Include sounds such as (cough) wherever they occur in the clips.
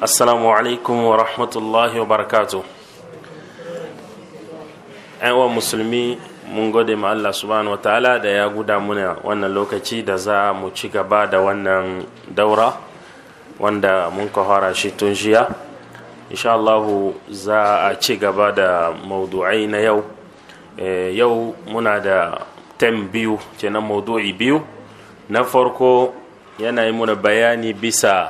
assalamu alaikum wa rahmatullahi wa barakatu wa musulmi mun gode ma Allah subhanahu wa ta'ala da ya guda muna wannan lokaci da za mu ci gaba da wannan daura wanda mun kahara shi tun jiya insha Allahu za a ci gaba da maudu'ai na yau eh, yau muna da tem biyu kenan maudu'i biyu na farko yana yi muna bayani bisa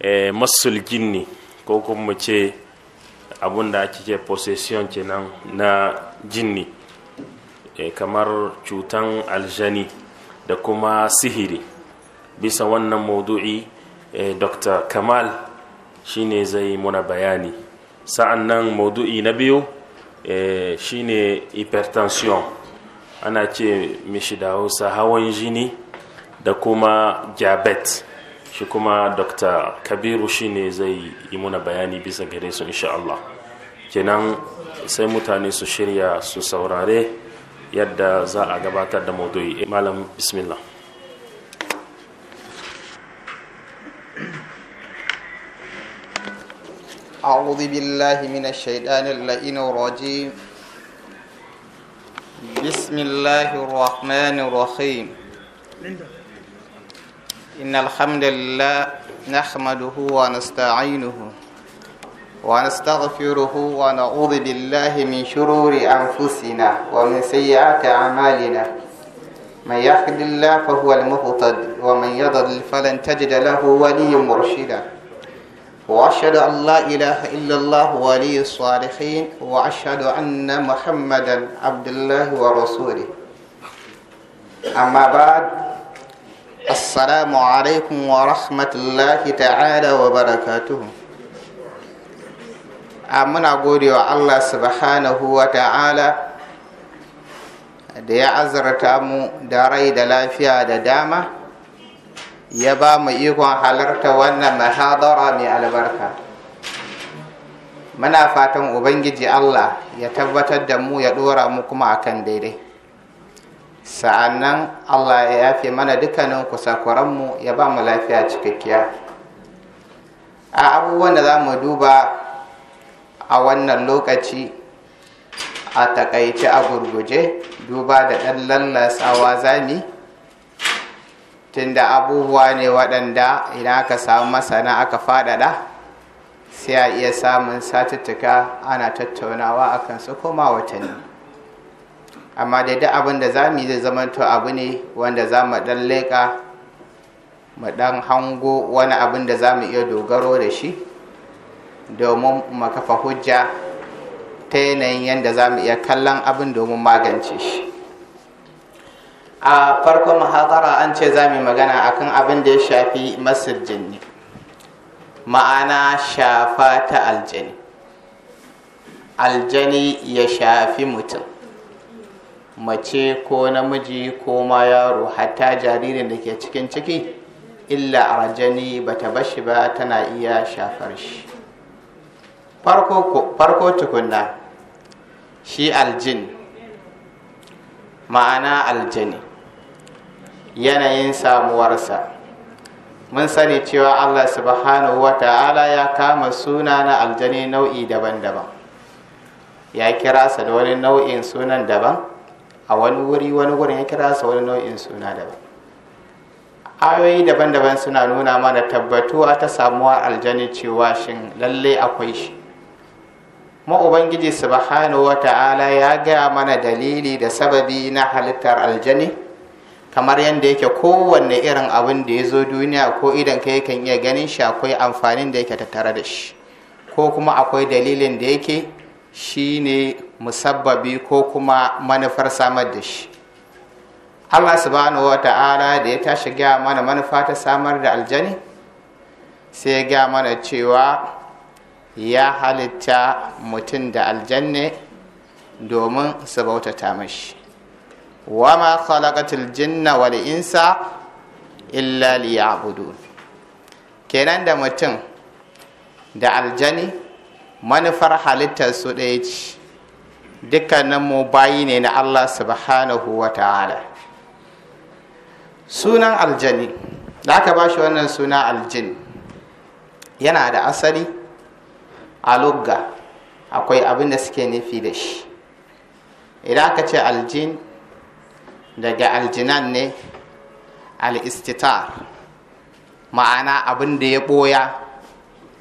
Eh, masul jinni ko kuma mu ce abun da ake ce possession kenan na jinni eh, kamar cutan aljani da kuma sihiri bisa wannan maudu'i eh, dr kamal shine zai muna bayani sa'an nan maudu'i na biyu shine hypertension ana ce mishi da hausa hawan jini da kuma diabetes shi kuma dr kabiru shine zai yi muna bayani bisa gare su insha Allah kenan sai mutane su shirya su saurare yadda za a gabatar da maudu'i eh, malam bismillah أعوذ بالله من الشيطان اللئين الرجيم بسم الله الرحمن الرحيم إن الحمد لله نحمده ونستعينه ونستغفره ونعوذ بالله من شرور أنفسنا ومن سيئات أعمالنا من يهد الله فهو المهتد ومن يضلل فلن تجد له وليا مرشدا وأشهد أن لا إله إلا الله ولي الصالحين وأشهد أن محمدا عبد الله ورسوله أما بعد السلام عليكم ورحمة الله تعالى وبركاته muna gode wa Allah subhanahu wa ta'ala da ya azarta mu da rai da lafiya da dama ya ba mu ikon halarta wannan mahadara mai albarka muna fatan ubangiji Allah ya tabbatar da mu ya ɗora mu kuma akan daidai sa'annan Allah ya yafe mana dukkanin mu ya ba mu lafiya cikakkiya a abubuwan da za mu duba a wannan lokaci a takaice a gurguje duba da ɗan lallasawa zami tunda abubuwa ne waɗanda idan aka samu masana aka faɗaɗa sai a iya samun satuttuka ana tattaunawa akan su koma watanni amma da duk abin da za mu zai zamanto abu ne wanda za mu ɗan leƙa mu ɗan hango wani abin da za mu iya dogaro da shi domin mu kafa hujja ta yanayin yadda za mu iya kallon abin domin magance shi a farkon mahaƙara an ce za mu magana akan abin da ya shafi masir jini, ma'ana shafa ta aljani aljani ya shafi mutum mace ko namiji ko ma yaro hatta jaririn da ke cikin ciki illa a arjani bata bashi ba tana iya shafar shi farko tukunna shi aljin ma'ana aljani yanayin samuwarsa mun sani cewa allah subhanahu wa ta'ala ya kama suna na aljani nau'i daban-daban ya kira sa da wani nau'in sunan daban a wani wuri wani wurin ya kira su wani nau'in suna daban ayoyi daban-daban suna nuna mana tabbatuwa ta samuwa aljani cewa shin lalle akwai shi su ubangiji wa Taala ya gaya mana dalili da sababi na halittar aljani kamar yadda yake kowanne irin abin da ya zo duniya ko idan ka yakan iya ganin shi akwai amfanin da yake tattare da shi ko kuma akwai dalilin da yake ne. musabbabi ko kuma manufar samar da shi Allah subhanahu wa ta'ala da ya tashi gaya mana manufa ta samar da aljani sai ya gaya mana cewa ya halitta mutum da aljanne domin su bautata mashi wa ma khalaqatul jinna wani insa illa liya'budun kenan da mutum da aljani manufar halittar su ɗaya ce dukkaninmu bayi ne na allah subhanahu wa ta'ala sunan aljani da aka ba shi wannan suna aljin yana da asali a akwai abin da suke nufi da shi idan aka ce aljin daga aljinan ne al-istitar ma'ana abin da ya ɓoya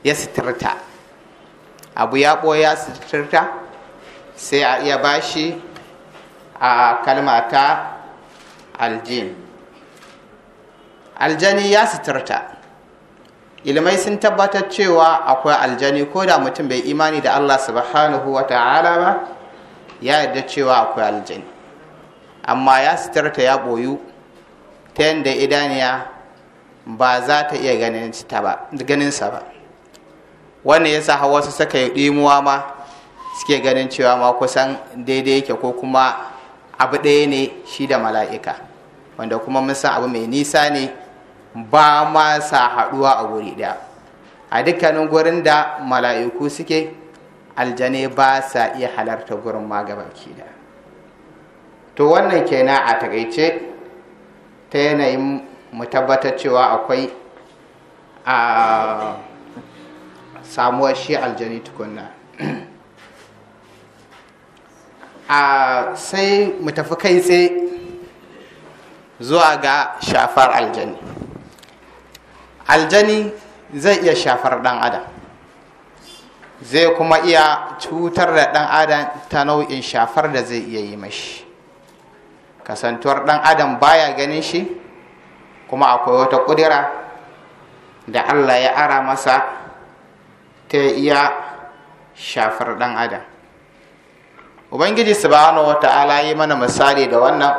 ya sitirta abu ya ɓoya sitirta sai a iya bashi a kalma ta aljin aljani ya sitirta ilmai sun tabbatar cewa akwai aljani ko da mutum bai imani da allah subhanahu wa ta'ala ba ya yarda cewa akwai aljani amma ya sitarta ya boyu ta yadda idaniya ba za ta iya ganinsa ba wannan ya sa wasu su suka yi ɗimuwa ma suke ganin cewa ma kusan daidai yake ko kuma abu ɗaya ne shi da mala'ika wanda kuma mun san abu mai nisa ne ba ma sa haɗuwa a guri ɗaya a dukkanin gurin da mala'iku suke aljane ba sa iya halarta gurin ma gabaki da to wannan kenan a takaice ta yanayin mu tabbatar cewa akwai a ah, samuwar shi aljani tukunna a sai mu tafi kai tsaye zuwa ga shafar aljani aljani zai iya shafar dan adam zai kuma iya cutar da dan adam ta nau'in shafar da zai iya yi mashi kasantuwar dan adam baya ganin shi kuma akwai wata kudura da allah ya ara masa ta iya shafar dan adam ubangiji subhanahu wata'ala yi mana misali da wannan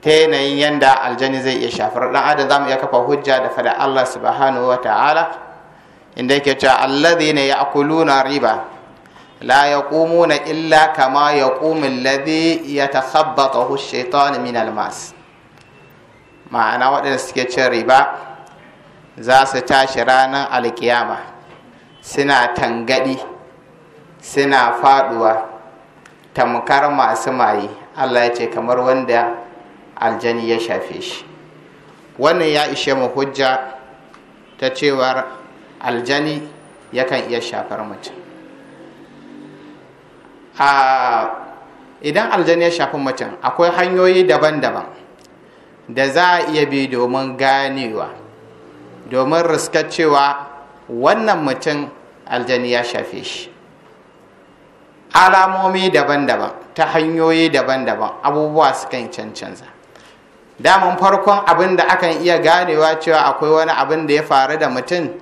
ta yanayin yanda aljani zai iya shafar dan adam zamu iya kafa hujja da fada Allah subhanahu ta'ala. inda yake cewa alladhina ya'kuluna riba la yaqumuna illa kama yaqumu alladhi yatakhabbathu ash-shaytanu min al-mas ma'ana waɗanda suke cin riba za su tashi ranar alkiyama suna tangaɗi suna faduwa tamkar masu maye allah ya ce kamar wanda aljani ya shafe shi wannan ya ishe mu hujja ta cewar aljani yakan iya shafar mutum idan aljani ya shafi mutum akwai hanyoyi daban-daban da za a iya bi domin ganewa domin riskar cewa wannan mutum aljani ya shafe shi alamomi daban-daban ta hanyoyi daban-daban abubuwa sukan cancanza daman farkon abin da akan iya ganewa cewa akwai wani abin da ya faru da mutum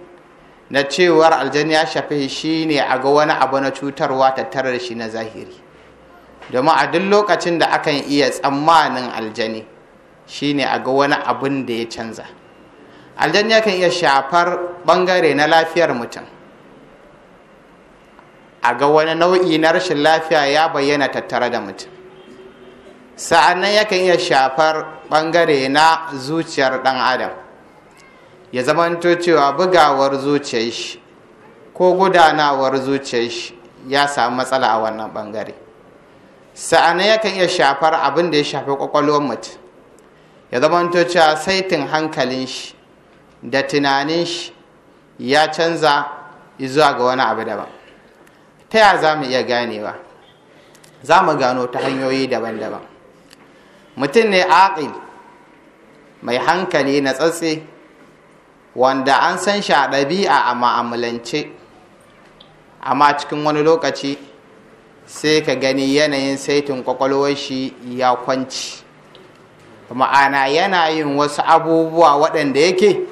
na cewar aljani ya shafi shi ne a ga wani abu na cutarwa tattare da shi na zahiri domin a duk lokacin da akan iya tsammanin aljani shi ne a ga wani abin da ya canza aljani kan iya shafar bangare na lafiyar mutum a ga wani nau'i na rashin lafiya ya bayyana tattare da mutum sa'annan yakan iya shafar bangare na zuciyar dan adam ya zamanto cewa bugawar zuciyar shi ko gudanawar zuciyar shi ya samu matsala a wannan ɓangare sa'annan yakan iya shafar abin da ya shafi ƙwaƙwalwar mutum ya zamanto cewa saitin hankalin shi da tunanin shi ya canza zuwa ga wani abu daban ta ya za mu iya ganewa za mu gano ta hanyoyi daban-daban mutum ne aqil mai hankali na tsatsi wanda an san shi a ɗabi'a a ma'amulance amma cikin wani lokaci sai ka gani yanayin saitin kwakwalwar shi ya kwanci ma'ana yana yin wasu abubuwa waɗanda yake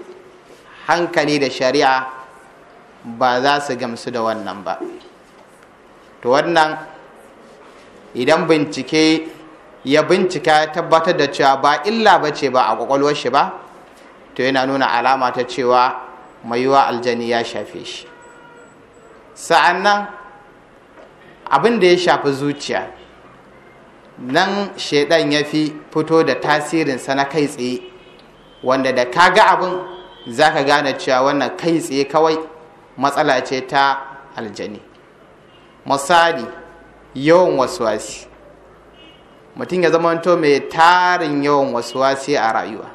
hankali da shari'a ba za su gamsu da wannan ba to wannan idan bincike ya bincika ya tabbatar da cewa ba illa ba ce ba a kwakwalwar shi ba to yana nuna alama ta cewa mai yiwa aljani ya shafe shi sa'annan abin da ya shafi zuciya nan shaidan ya fi fito da tasirinsa na kai tsaye wanda da ka ga abin za ka gane cewa wannan kai tsaye kawai matsala ce ta aljani misali yawan wasuwasi mutum ya zamanto mai tarin yawan wasuwasi a rayuwa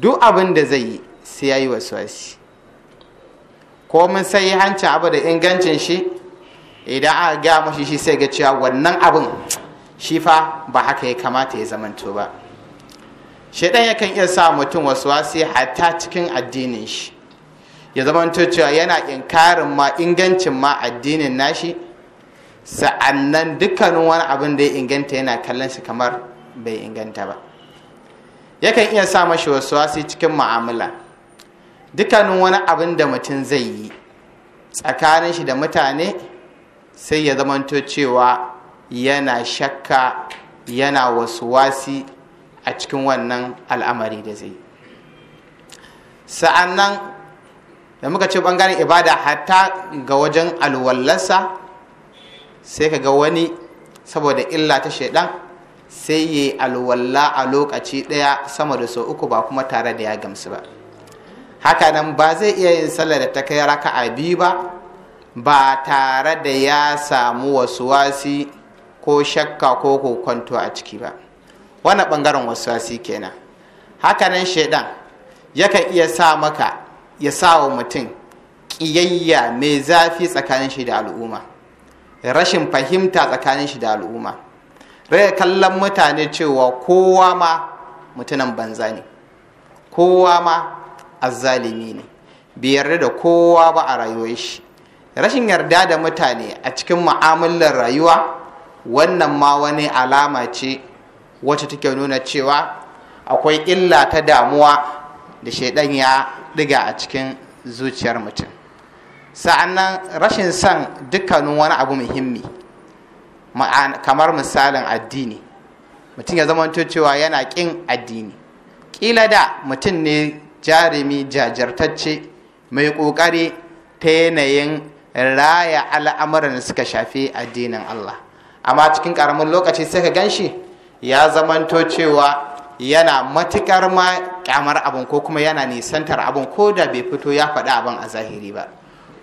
duk abin da zai yi sai ya yi wasuwasi ko mun sai hancin abu da ingancin shi idan aka gaya mashi shi sai ga cewa wannan abin shi fa ba haka ya kamata ya zamanto ba shaidan yakan iya sa mutum wasuwasi hatta cikin addinin shi ya zama cewa yana inkarin ma ingancin ma addinin nashi sa'annan dukkanin wani abin da ya inganta yana kallon shi kamar bai inganta ba yakan iya sa mashi wasu wasi cikin ma'amala dukkanin wani abin da mutum zai yi tsakanin shi da mutane sai ya zamanto cewa yana shakka yana wasu wasi a cikin wannan al'amari da zai sa'annan da muka ce bangaren ibada hatta ga wajen alwallarsa sai ka ga wani saboda illa ta shaidan sai ya yi alwalla a lokaci ɗaya sama da sau uku ba kuma tare da ya gamsu ba hakanan ba zai iya yin sallar da ta kai a biyu ba ba tare da ya samu wasu wasi ko shakka ko kokonto a ciki ba Wannan bangaren wasu wasi kenan hakanan shaidan yakan iya sa maka ya sa wa mutum ƙiyayya mai zafi tsakanin shi da al'umma rashin fahimta tsakanin shi da al'umma rage kallon mutane cewa kowa ma mutunan banza ne kowa ma azzalimi ne bai yarda da kowa ba a rayuwa shi rashin yarda da mutane a cikin mu'amalar rayuwa wannan ma wani alama ce wacce take nuna cewa akwai illa ta damuwa da shaidan ya ɗiga a cikin zuciyar mutum sa'annan rashin son dukkanin wani abu muhimmi kamar misalin addini mutum ya zama cewa yana ƙin addini ƙila da mutum ne jarumi jajirtacce mai ƙoƙari ta yanayin raya al'amuran da suka shafi addinin Allah amma cikin ƙaramin lokaci sai ka gan ya zamanto cewa yana matuƙar ma kyamar abin ko kuma yana nisantar abin ko da bai fito ya faɗi abin a zahiri ba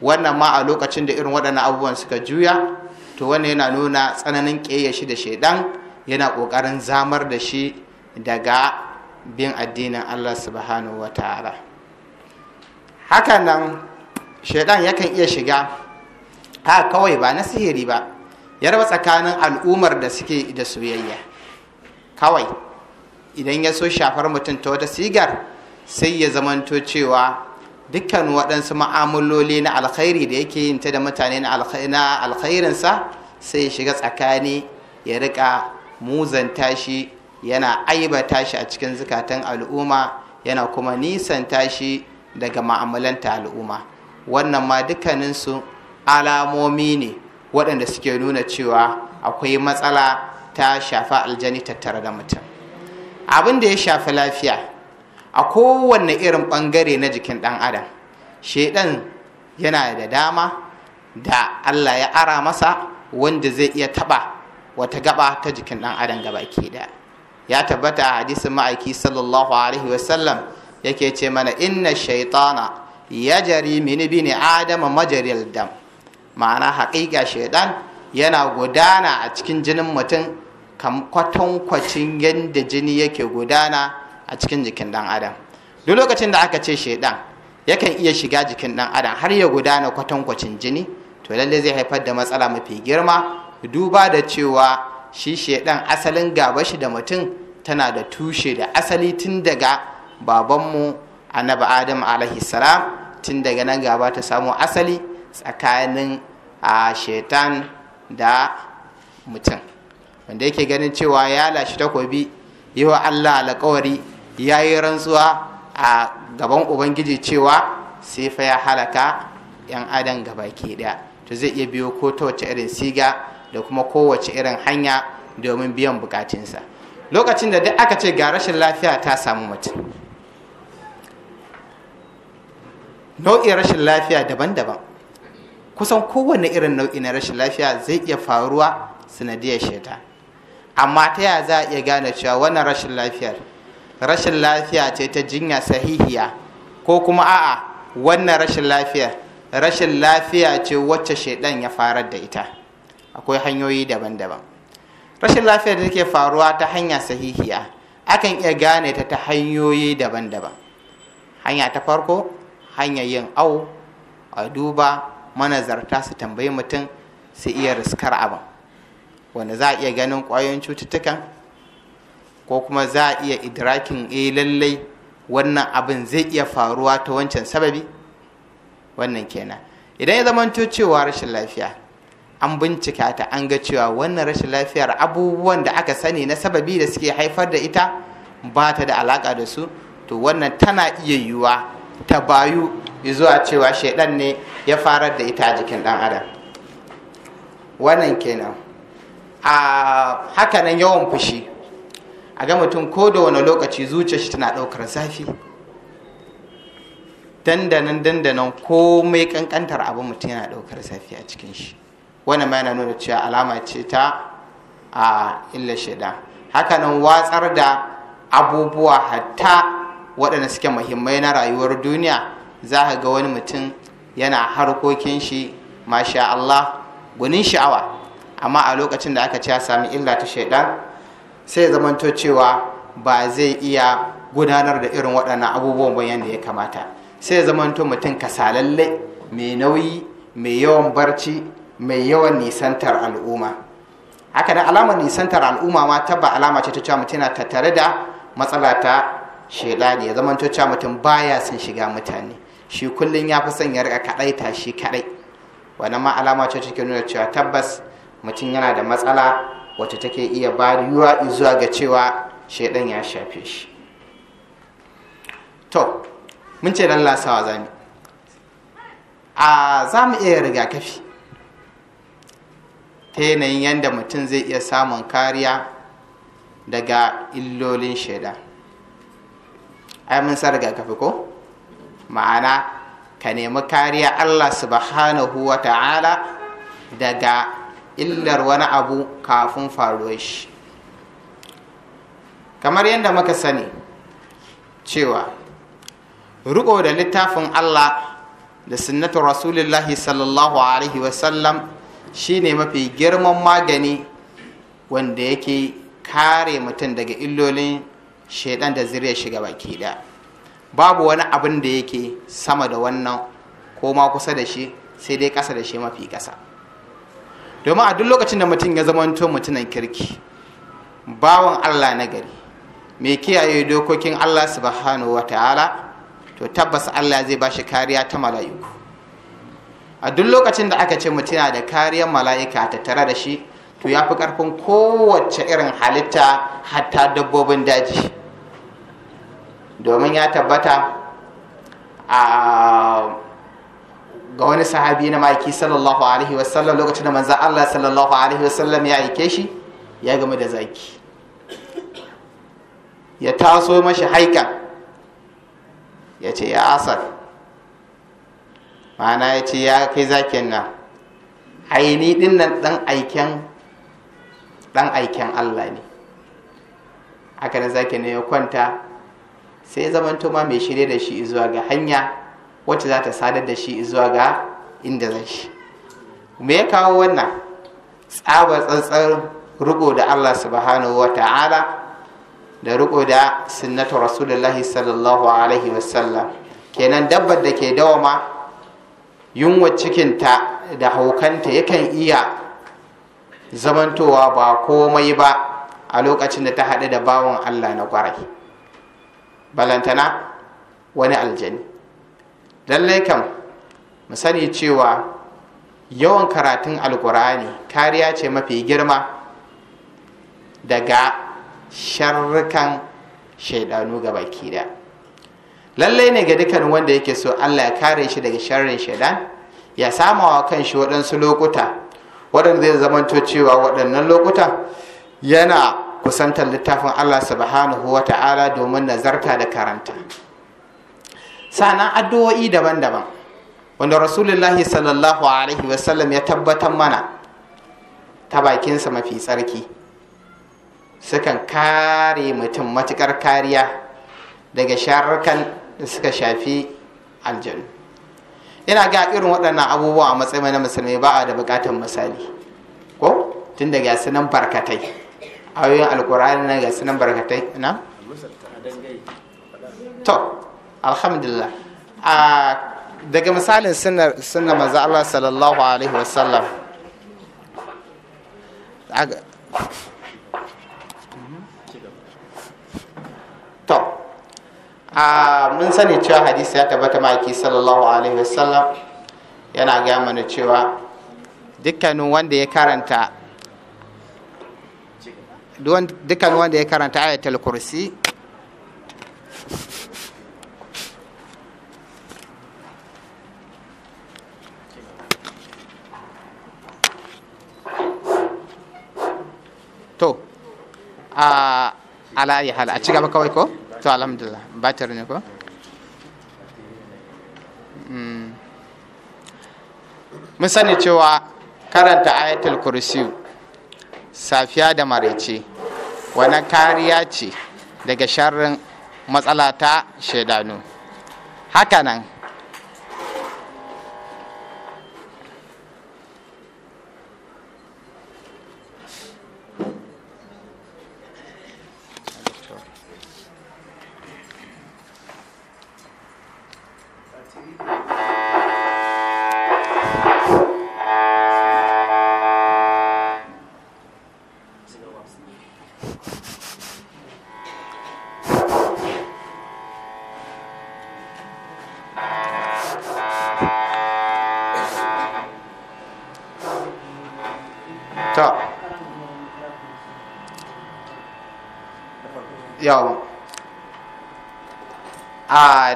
wannan ma a lokacin da irin waɗannan abubuwan suka juya to wannan yana nuna tsananin ƙeya shi da shaidan yana ƙoƙarin zamar da shi daga bin addinin allah subhanahu wa ta'ala hakanan shaidan yakan iya shiga ha kawai ba na sihiri ba ya tsakanin al'ummar da suke da soyayya kawai idan ya so shafar mutum ta wata sigar sai ya zamanto cewa dukkan waɗansu ma'amaloli na alkhairi da yake yin ta da mutane na alkhairinsa sai ya shiga tsakani ya rika muzan tashi, yana aibata shi a cikin zukatan al'umma yana kuma nisanta shi daga ma'amalanta al'umma wannan ma dukkaninsu alamomi ne waɗanda suke nuna cewa akwai matsala ta shafa aljani tattare da mutum abin da ya shafi lafiya a kowanne irin ɓangare na jikin ɗan adam shaidan yana da dama da allah ya ara masa wanda zai iya taɓa wata gaba ta jikin ɗan adam gaba ke da ya tabbata a hadisin ma'aiki sallallahu alaihi wasallam yake ce mana inna shaitana ya jari mini bini adama majaril dam ma'ana haƙiƙa shaidan yana gudana a cikin jinin mutum kwatankwacin yadda jini yake gudana a cikin jikin dan adam duk lokacin da aka ce shaidan yakan iya shiga jikin dan adam har ya gudana kwatankwacin jini to lalle zai haifar da matsala mafi girma duba da cewa shi shaidan asalin gaba shi da mutum tana da tushe da asali tun daga babanmu annabi adam alaihi salam tun daga nan gaba ta samu asali tsakanin a ah, shaitan da mutum wanda yake ganin cewa ya lashi takobi yi wa allah alkawari ya yi rantsuwa a gaban ubangiji cewa sai fa ya halaka yan adam gabaki daya to zai iya biyo ko ta wace irin siga da kuma kowace irin hanya domin biyan bukatunsa lokacin da duk aka ce ga rashin lafiya ta samu mutum nau'in rashin lafiya daban-daban kusan kowane irin nau'i na rashin lafiya zai iya faruwa sanadiyar shaita amma ta yaya za a iya gane cewa wannan rashin lafiyar rashin lafiya ce ta jinya sahihiya ko kuma a'a wannan rashin lafiyar rashin lafiya ce wacce shaidan ya farar da ita akwai hanyoyi daban-daban rashin lafiyar da take faruwa ta hanya sahihiya akan iya gane ta ta hanyoyi daban-daban hanya ta farko hanyar yin au a duba manazarta su tambayi mutum su iya riskar abin wanda za a iya ganin ƙwayoyin cututtukan ko kuma za a iya idrakin a eh, lallai wannan abin zai iya faruwa ta wancan sababi wannan kenan idan ya zamanto cewa rashin lafiya an bincika ta an ga cewa wannan rashin lafiyar abubuwan da aka sani na sababi da suke haifar da ita ba ta da alaka da su to wannan tana iya yiwuwa ta bayu zuwa cewa shaidan ne ya farar da ita a jikin ɗan adam wannan kenan a hakanan yawan fushi a ga mutum ko da wani lokaci zuciya shi tana ɗaukar zafi dandanan dandanan komai kankantar abin mutum yana ɗaukar zafi a cikin shi wani ma yana nuna cewa alama ce ta a illa shaida hakanan watsar da abubuwa hatta waɗanda suke muhimmai na rayuwar duniya za ka ga wani mutum yana harkokin shi masha Allah gunin sha'awa amma a lokacin da aka ce ya sami illa ta shaidan sai zamanto cewa ba zai iya gudanar da irin waɗannan abubuwan bayan da ya kamata sai zamanto mutum kasalalle mai nauyi mai yawan barci mai yawan nisantar al'umma haka da alamar nisantar al'umma ma tabba alama ce ta cewa mutum yana tattare da matsala ta shaiɗa ya zamanto cewa mutum baya son shiga mutane shi kullum ya fi son ya rika kaɗaita shi kaɗai wannan ma alama ce ta nuna cewa tabbas mutum yana da matsala wacce take iya ba yiwuwa zuwa ga cewa shaidan ya shafe shi to mun ce dan lasawa za mu a za mu iya rigakafi ta yanayin yadda mutum zai iya samun kariya daga illolin shaida ai mun san rigakafi ko ma'ana ka nemi kariya allah subhanahu wa ta'ala daga illar wani abu kafin faruwar shi kamar yadda muka sani cewa riko da littafin allah da sunnatu rasulullahi sallallahu alaihi wasallam ne mafi girman magani wanda yake kare mutum daga illolin shaidan da zirya shiga baki da babu wani abin da yake sama da wannan ko ma kusa da shi sai dai ƙasa da shi mafi ƙasa domin a duk lokacin da mutum ya zamanto mutumin kirki bawan allah na gari mai kiyaye dokokin allah subhanahu wa ta'ala to tabbas allah zai ba shi kariya ta mala'iku a duk lokacin da aka ce mutum yana da kariyar mala'ika ta tare da shi to ya fi karfin kowace irin halitta hatta dabbobin daji domin ya tabbata a ga wani sahabi na ma'aiki sallallahu alaihi wasallam lokacin da manzan Allah sallallahu alaihi wasallam ya aike shi ya gama da zaki ya taso mashi haika ya ce ya asar ma'ana ya ce ya kai zakin nan aini din nan dan aiken dan aiken Allah ne haka na zakin ne ya kwanta sai zamanto ma mai shirye da shi zuwa ga hanya wacce za ta sadar da shi zuwa ga inda zai shi me ya kawo wannan tsabar tsantsar riko da Allah subhanahu wa ta'ala da riko da sunnatu rasulullahi sallallahu alaihi wasallam kenan dabbar da ke dawama yunwa cikinta da haukanta yakan iya zamantowa ba komai ba a lokacin da ta haɗu da bawan Allah na kwarai balantana wani aljani lallai kam mu sani cewa yawan karatun alkur'ani kariya ce mafi girma daga sharrukan shaidanu ga baki da lallai ne ga dukkan wanda yake so allah ya kare shi daga sharrin shaidan ya sama wa shi waɗansu lokuta waɗanda zai zamanto cewa waɗannan lokuta yana kusantar littafin allah subhanahu wa ta'ala domin nazarta da karanta sanan addu'o'i daban-daban wanda rasulullahi sallallahu alaihi wasallam ya tabbatar mana ta bakinsa mafi tsarki sukan kare mutum matukar kariya daga sharrukan da suka shafi aljanu Ina ga irin waɗannan abubuwa a matsayin na musulmi ba a da buƙatar misali ko tun daga sunan nan barkatai ayoyin alkur'ani na ga nan barkatai na to alhamdulillah a daga misalin sunna manzo Allah sallallahu alaihi wasallam to a mun sani cewa hadisi ya tabbata maki sallallahu alaihi wasallam yana gaya mana cewa dukkanin wanda ya karanta dukkan wanda ya karanta ayatul kursi to a ala ayi hala a ci gaba kawai ko to alhamdulillah ba ta ne ko hmm. mun sani cewa karanta ayatul kursi safiya da maraice wani kariya ce daga sharrin matsala ta shaidanu hakanan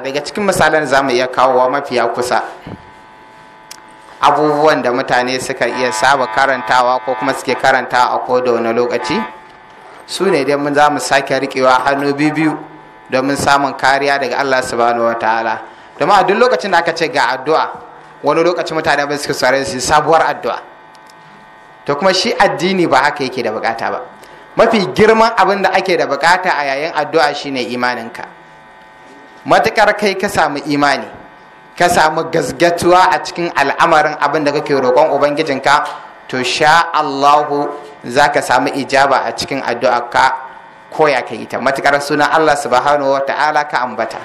daga cikin misalan za mu iya kawowa mafiya kusa abubuwan da mutane suka iya saba karantawa ko kuma suke karanta a koda wani lokaci su ne dai mun za mu sake riƙewa hannu biyu domin samun kariya daga allah subhanahu wa ta'ala domin a duk lokacin da aka ce ga addu'a wani lokacin mutane ba suka tsare su sabuwar addu'a to kuma shi addini ba haka yake da bukata ba mafi girman abin da ake da bukata a yayin addu'a shine imaninka matukar kai ka samu imani ka samu gasgatuwa a cikin al'amarin abin da kake roƙon ubangijinka to sha Allahu za ka samu ijaba a cikin addu'a ka koya ka ita matukar sunan Allah subhanahu wa ta'ala ka ambata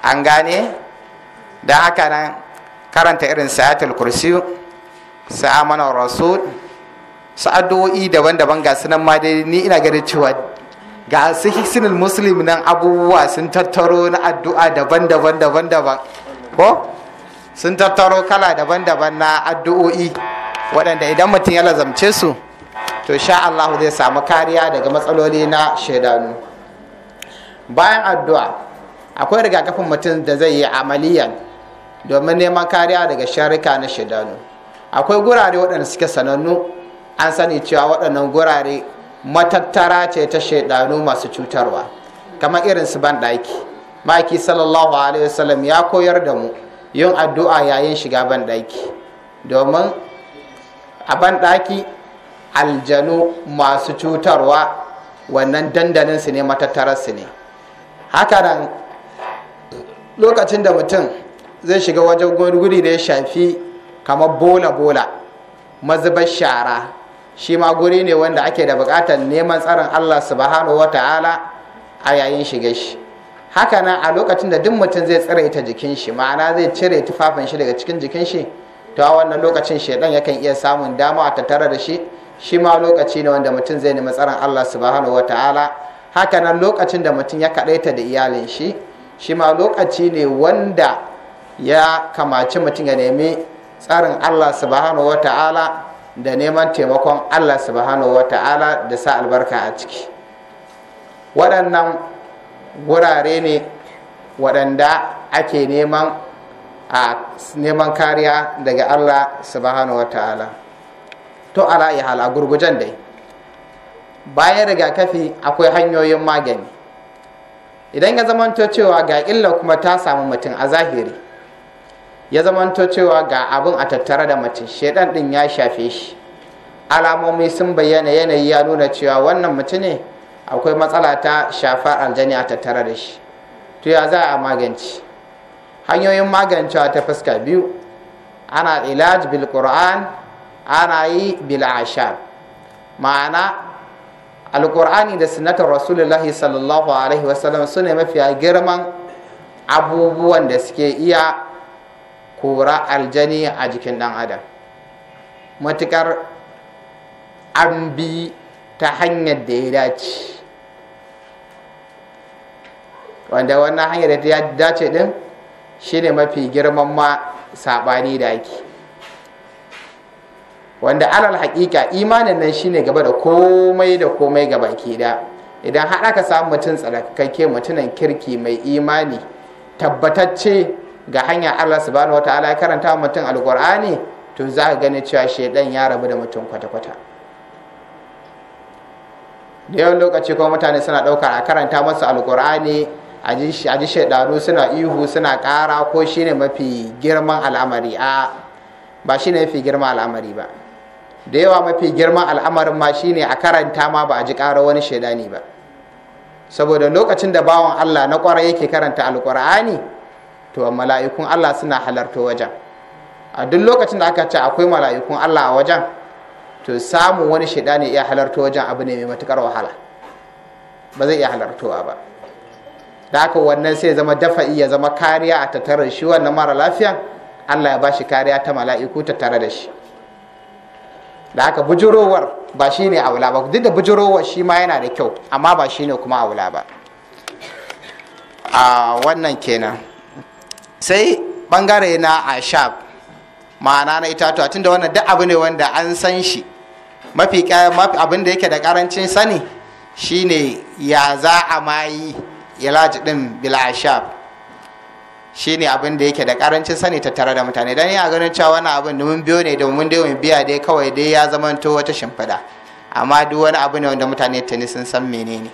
an gane da haka nan karanta irin sa'atul kursi sa'amanar rasul sa'addu'o'i daban-daban ga sunan ma ni ina ganin cewa ga su muslim nan abubuwa sun tattaro na addu'a daban-daban daban-daban ko sun tattaro kala daban-daban na addu'o'i waɗanda idan mutum ya lazamce su to sha Allah zai samu kariya daga matsaloli na shaidanu bayan addu'a akwai rigakafin mutum da zai yi amaliyan domin neman kariya daga sharika na shaidanu akwai gurare waɗanda suke sanannu an sani cewa waɗannan gurare matattara ce ta shaidanu masu cutarwa kamar irin su ban ɗaki maki sallallahu alaihi wasallam ya koyar da mu yin addu'a yayin shiga ban ɗaki domin a ban aljanu masu cutarwa wannan dandalinsu ne matattararsu ne haka nan lokacin da mutum zai shiga wajen guri da ya shafi kamar bola-bola mazubar shara shi ma guri ne wanda ake da bukatar neman tsarin Allah subhanahu wa ta'ala a yayin shige shi haka nan a lokacin da duk mutum zai tsare ta jikin shi ma'ana zai cire tufafin shi daga cikin jikin shi to a wannan lokacin shaidan yakan iya samun dama a tattare da shi shi ma lokaci ne wanda mutum zai nemi tsarin Allah subhanahu wa ta'ala haka nan lokacin da mutum ya kaɗaita da iyalin shi shi ma lokaci ne wanda ya kamaci mutum ya nemi tsarin Allah subhanahu wa ta'ala da neman taimakon allah subhanahu wa ta'ala da sa albarka a ciki waɗannan wurare ne waɗanda ake neman a neman kariya daga allah subhanahu wa ta'ala to ala ya hala gurgujen dai bayan rigakafi akwai hanyoyin magani idan ya zamanto cewa ga illa kuma ta samu mutum a zahiri ya zamanto cewa ga abin a tattare da mace shaidan din ya shafe shi alamomi sun bayyana yanayi ya nuna cewa wannan mace ne akwai matsala ta shafar aljani a tattare da shi to ya za a magance hanyoyin magancewa ta fuska biyu ana ilaj bil qur'an ana yi bil ashab ma'ana alqur'ani da sunnatar rasulullahi sallallahu alaihi wasallam su ne mafiya girman abubuwan da suke iya kura aljani a jikin ɗan adam matukar an bi ta hanyar da ya dace wanda wannan hanyar da ya dace din shine mafi girman ma saɓani da ake wanda alal haƙiƙa imanin nan shine gaba da komai da komai gaba ke da idan haɗa ka samu mutum tsarkakakke mutumin kirki mai imani tabbatacce ga hanya Allah su subhanahu ta'ala ya karanta mutum alqur'ani to za ka gani cewa shaidan ya rabu da mutum kwata-kwata da yawan lokaci kuma mutane suna ɗaukar a karanta masu alkur'ani a ji shaidanu suna ihu suna ƙara ko shine mafi girman al'amari a ba shine mafi girman al'amari ba da yawa mafi girman al'amarin ma shine a karanta ma ba a ji ƙara wani shaidani ba saboda lokacin da bawan allah na ƙwarai yake karanta alkur'ani to mala'ikun Allah suna halarta wajen a duk lokacin da aka ce akwai mala'ikun Allah a wajen to samun wani ne iya halarta wajen abu ne mai matukar wahala ba zai iya halartowa ba da haka wannan sai zama dafa iya zama kariya a tattare shi wannan mara lafiya, Allah ya ba shi kariya ta mala'iku tattare da shi da aka bujurowar ba shi ne aula ba duk da bujurowar shi ma yana da kyau amma ba shi ne kuma aula ba a wannan kenan sai bangare na ashab ma'ana na itatuwa tunda wannan duk abu ne wanda an san shi mafi abin da yake da karancin sani shine ya za a mayi ilaji din bil ashab shine abin da yake da karancin sani tattare da mutane dan ya ganin cewa wannan abin da mun biyo ne da mun dai biya dai kawai dai ya zama to wata shimfida amma duk wani abu ne wanda mutane tuni sun san menene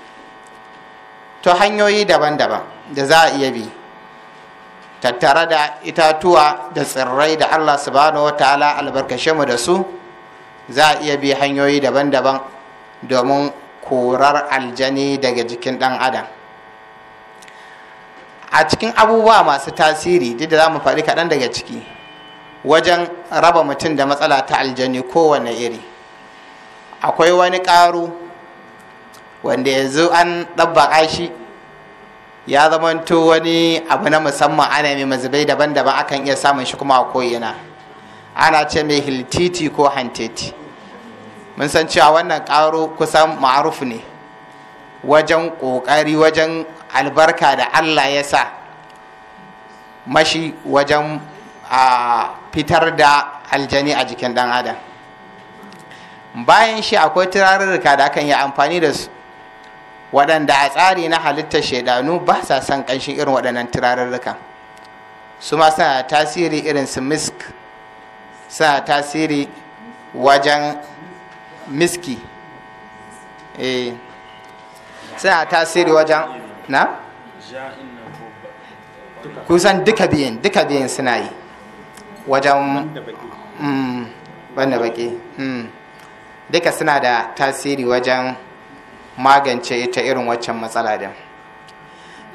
to hanyoyi daban-daban da za a iya bi tattare da itatuwa da tsirrai da Allah subhanahu wa ta'ala albarkashe mu da su za a iya bi hanyoyi daban-daban domin korar aljani daga jikin ɗan adam a cikin abubuwa masu tasiri duk da za mu faɗi kaɗan daga ciki wajen raba mutum da matsala ta aljani kowane iri akwai wani ƙaru wanda yanzu an ɗabbaƙa shi ya zamanto wani abu na musamman ana mai mazubai daban-daban akan iya samun shi kuma a ko'ina ana ce mai hiltiti ko hanteti mun san cewa wannan karo kusan ma'aruf ne wajen ƙoƙari wajen albarka da allah ya sa mashi wajen a fitar da aljani a jikin ɗan adam bayan shi akwai turarurruka da akan yi amfani da su waɗanda a tsari na halittar shaidanu ba sa son ƙanshin irin waɗannan turarurruka su ma suna tasiri irin su misk suna tasiri wajen miski eh, suna tasiri wajen na? kusan duka biyan duka biyan suna yi wajen mm, banda baki mm, duka suna da tasiri wajen magance ita irin waccan matsala din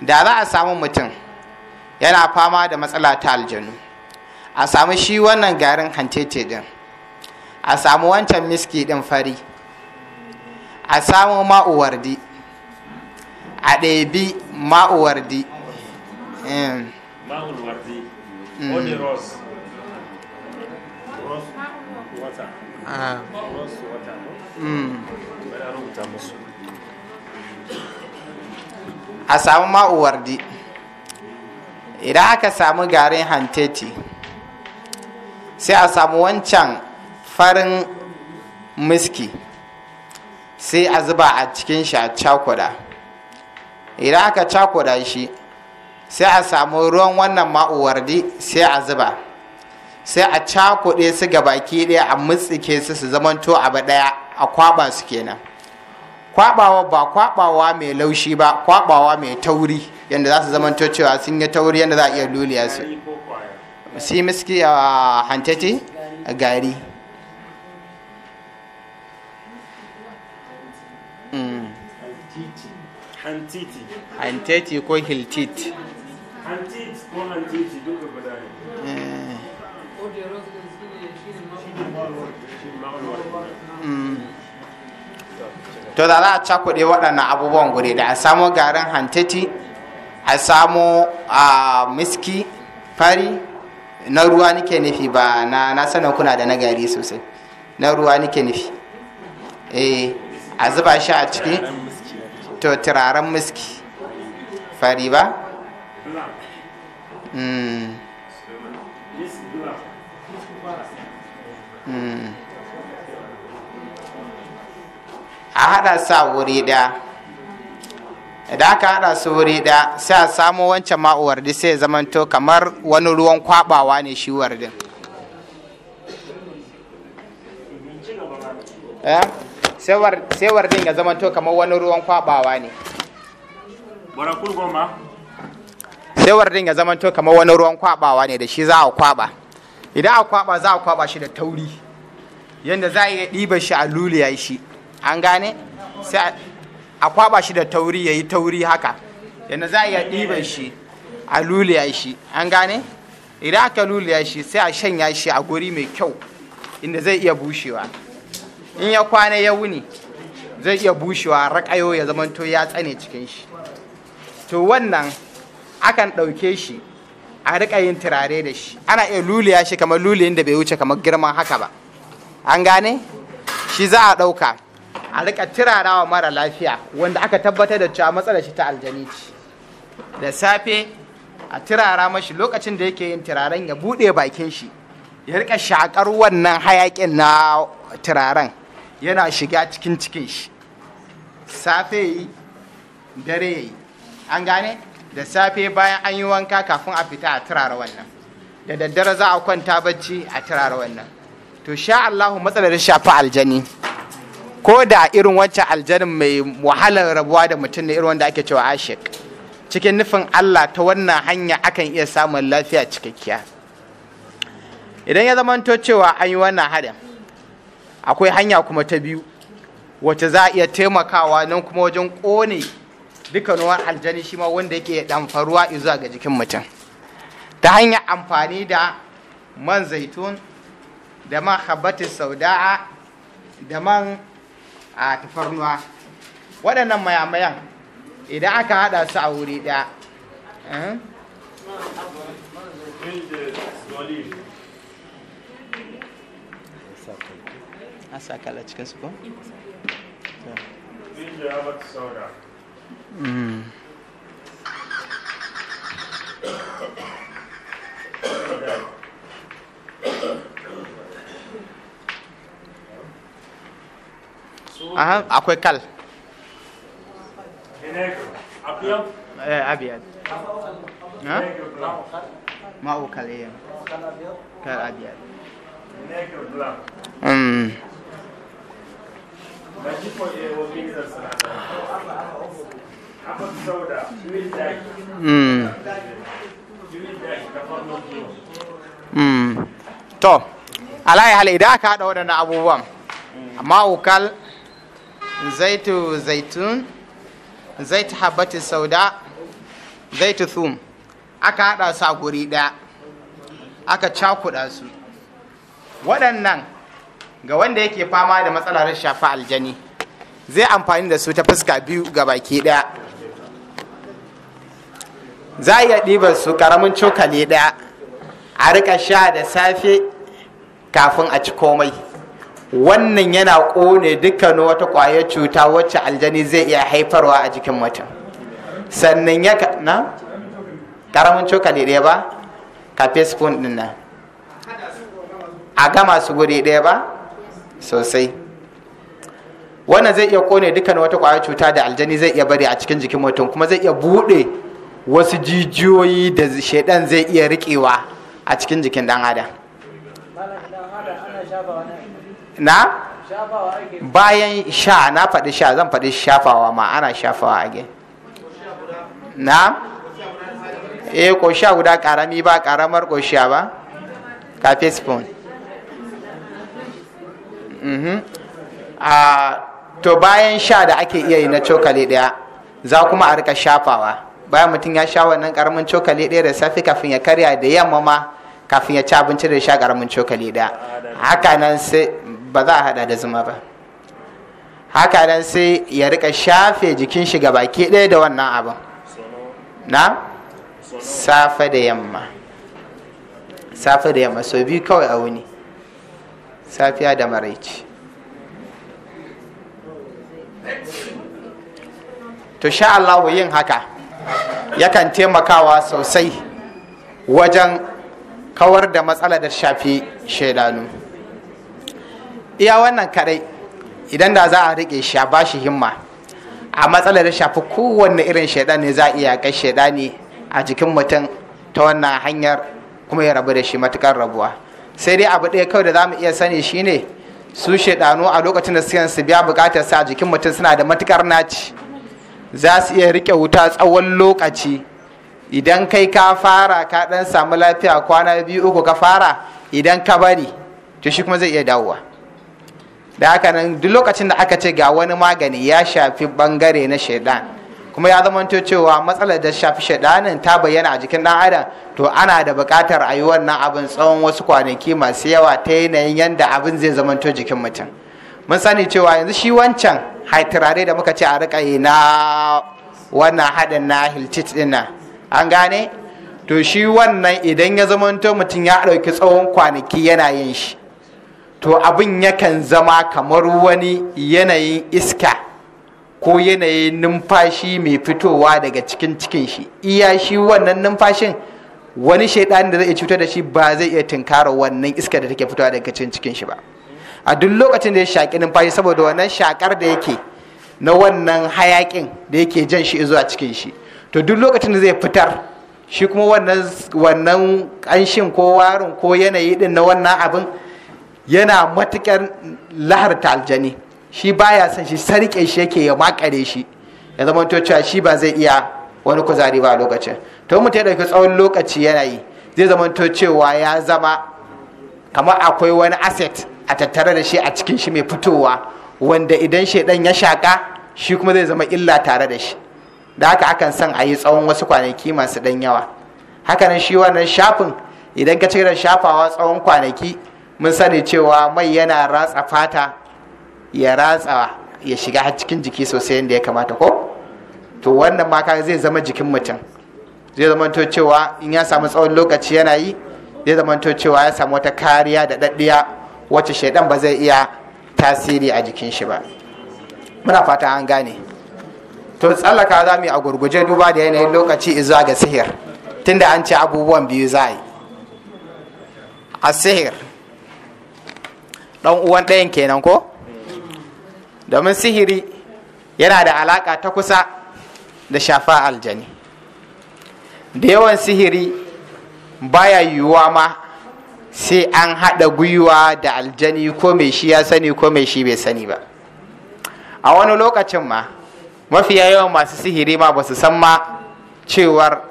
da za a samu mutum yana fama da matsala ta aljanu a samu shi wannan garin hantete din a samu wancan miski din fari a samu ma'uwardi a ɗebi ma'uwardi eh. Mm. a samu ma'uwardi idan aka samu garin hanteti sai a samu wancan farin miski sai a zuba a cikin shi a cakuda idan aka cakuda shi sai a samu ruwan wannan ma'uwardi sai a zuba sai a cakuɗe su gabaki baki ɗaya a mutsike su su zamanto abu ɗaya a kwaba su kenan kwabawa ba kwabawa mai laushi ba kwabawa mai tauri yadda za su zamanto cewa sun yi tauri yadda za a iya luliya su si miski a hantati gari mm. hantati ko hiltit hantit ko duka ne eh. to da za a cakuɗe waɗannan abubuwan guri da a samo garin hantati a samo a miski fari na ruwa nike nufi ba na na sanin kuna da na gari sosai na ruwa nike nufi eh a zuba shi a ciki to turaren miski fari ba mm. Mm. a haɗa sa wuri ɗaya idan aka haɗa su wuri ɗaya sai a samu wancan da sai zamanto kamar wani ruwan kwabawa ne shi wardin sai wardin ya zamanto kamar wani ruwan kwabawa ne eh? sai wardin ya zamanto kamar wani ruwan kwabawa ne da shi za a kwaba idan a kwaba za a kwaba shi da tauri yadda za a iya ɗiba shi a luliya shi an gane sai a kwaba shi da tauri ya yi tauri haka yana za a iya ɗiban shi a luliya shi an gane idan aka luliya shi sai a shanya shi a guri mai kyau inda zai iya bushewa in ya kwana ya wuni zai iya bushewa raƙayo ya zamanto ya tsane cikin shi to wannan akan ɗauke shi a riƙa yin turare da shi ana iya luliya shi kamar luliyin da bai wuce kamar girman haka ba an gane shi za a ɗauka a rika wa mara lafiya wanda aka tabbatar da cewa matsalar shi ta aljani ce da safe a tirara mashi lokacin da yake yin tiraren ya bude bakin shi ya rika shakar wannan hayakin na tiraren yana shiga cikin cikin shi safe yi dare yi an gane da safe bayan an yi wanka kafin a fita a turara wannan da daddare za a kwanta bacci a turara wannan to sha Allahu matsalar shafa aljani ko da irin wancan aljanin mai wahalar rabuwa da mutum ne irin wanda ake cewa ashik cikin nufin Allah ta wannan hanya akan iya samun lafiya cikakkiya idan ya zama to cewa an yi wannan harin akwai hanya kuma ta biyu wacce za a iya taimakawa nan kuma wajen ƙone duka wani aljani shi ma wanda yake ɗamfaruwa zuwa ga jikin mutum ta hanyar amfani da man zaitun da man habbatin sauda'a da man a tafarnuwa waɗannan mayamayan idan aka haɗa su a wuri ɗaya eh? a sa cikin su ko? aha akwai kal abiyad eh, ma'u kal kal hmm. abiyad hmm. hmm. to alayi hal idan aka haɗa waɗannan abubuwan ma'ukal zaitu zaitun zaitu habatu sauda zaitu thum aka haɗa su a guri ɗaya aka cakuɗa su waɗannan ga wanda yake fama da matsalar shafa aljani zai amfani da su ta fuska biyu ga baki ɗaya za a iya ɗibar su ƙaramin cokali ɗaya a rika sha da safe kafin a ci komai wannan yana ƙone dukkanin wata ƙwayar cuta wacce aljani zai iya haifarwa a jikin mutum sannan ya ka na ƙaramin cokali ɗaya ba kafe spoon ɗin nan a gama su guri ɗaya ba sosai wannan zai iya ƙone dukkanin wata ƙwayar cuta da aljani zai iya bari a cikin jikin mutum kuma zai iya buɗe wasu jijiyoyi da shaidan zai iya riƙewa a cikin jikin ɗan adam na bayan sha na faɗi sha zan faɗi shafawa ma ana shafawa a gen na eh sha guda ƙarami ba ƙaramar sha ba kafe spoon mhm. to bayan sha da ake iya yi na cokali ɗaya za kuma a rika shafawa bayan mutum ya sha wannan ƙaramin cokali ɗaya da safi kafin ya karya da yamma ma kafin ya ci abinci da sha ƙaramin cokali ɗaya haka nan sai ba za a hada da zuma ba haka nan sai ya rika shafe jikin shi baki ɗaya da wannan abin na safe da yamma safe da yamma so biyu kawai a wuni safiya da maraici to sha Allahu yin haka yakan taimakawa sosai wajen kawar da matsalar da shafi shaidanu iya wannan kadai idan da za a rike shi a bashi himma a matsalar da shafi kowanne irin shaidan ne za a iya kai shaidani a jikin mutum ta wannan hanyar kuma ya rabu da shi matukar rabuwa sai dai abu ɗaya kawai da za mu iya sani shine su shaidanu a lokacin da suke su biya bukatar sa a jikin mutum suna da matukar naci za su iya rike wuta tsawon lokaci idan kai ka fara ka dan samu lafiya kwana biyu uku ka fara idan ka bari to shi kuma zai iya dawowa da haka nan duk lokacin da aka ce ga wani magani ya shafi bangare na shaidan kuma ya zamanto cewa matsalar da shafi shaidanin ta bayyana a jikin dan adam to ana da bukatar a yi wannan abin tsawon wasu kwanaki masu yawa ta yanayin yadda abin zai zamanto jikin mutum mun sani cewa yanzu shi wancan haitirare da muka ce a rika yi na wannan haɗin na hilcit ɗin an gane to shi wannan idan ya zamanto mutum ya ɗauki tsawon kwanaki yana yin shi to abin yakan zama kamar wani yanayin iska ko yanayin numfashi mai fitowa daga cikin cikin shi iya shi wannan numfashin wani shaidan da zai cutar da shi ba zai iya tunkara wannan iska da take fitowa daga cikin cikin shi ba a duk lokacin da ya shaƙi numfashi saboda wannan shaƙar da yake na wannan hayaƙin da yake jan shi zuwa cikin shi to duk lokacin da zai fitar shi kuma wannan ƙanshin ko warin ko yanayi din na wannan abin yana matukar laharta aljani shi baya son shi sarke shi yake ya makare shi ya zama to cewa shi ba zai iya wani kuzari ba a lokacin to mu ta dauki tsawon lokaci yana yi zai zama to cewa ya zama kamar akwai wani asset a tattare da shi a cikin shi mai fitowa wanda idan shaidan ya shaka shi kuma zai zama illa tare da shi da haka akan san a yi tsawon wasu kwanaki masu dan yawa hakanan shi wannan shafin idan ka da shafawa tsawon kwanaki mun sani cewa mai yana ratsa fata ya ratsa ya shiga cikin jiki sosai yadda ya kamata ko to wannan ma zai zama jikin mutum zai zama to cewa in ya samu tsawon lokaci yana yi zai zama to cewa ya samu wata kariya da daddiya wacce shaidan ba zai iya tasiri a jikin shi ba muna fata an gane to tsallaka za mu yi a gurguje duba da yanayin lokaci zuwa ga sihir tunda an ce abubuwan biyu za a yi a sihir Ɗan uwan ɗayan kenan ko domin sihiri yana da alaƙa ta kusa da shafa aljani da yawan sihiri baya yiwuwa ma sai an haɗa gwiwa da aljani ko mai shi ya sani ko mai shi bai sani ba a wani lokacin ma mafiya yawan masu sihiri ma ba su san ma cewar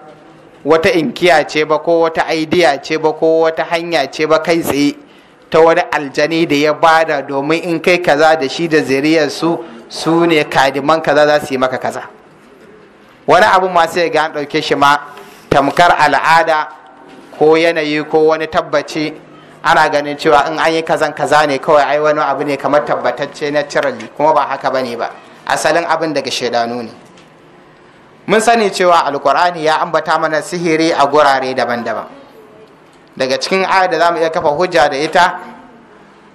wata inkiya ce ba ko wata aidiya ce ba ko wata hanya ce ba kai tsaye ta wani aljani da ya bada domin in kai kaza da shi da zuriyarsu su ne kadiman kaza za su yi maka kaza wani abu masu sai ga ɗauke shi ma tamkar al'ada ko yanayi ko wani tabbaci ana ganin cewa in an yi kazan kaza ne kawai ai wani abu ne kamar tabbatacce na cirali kuma ba haka bane ba asalin abin daga shaidanu ne mun sani cewa alkur'ani ya ambata mana sihiri a gurare daban-daban daga cikin aya da zamu iya kafa hujja da ita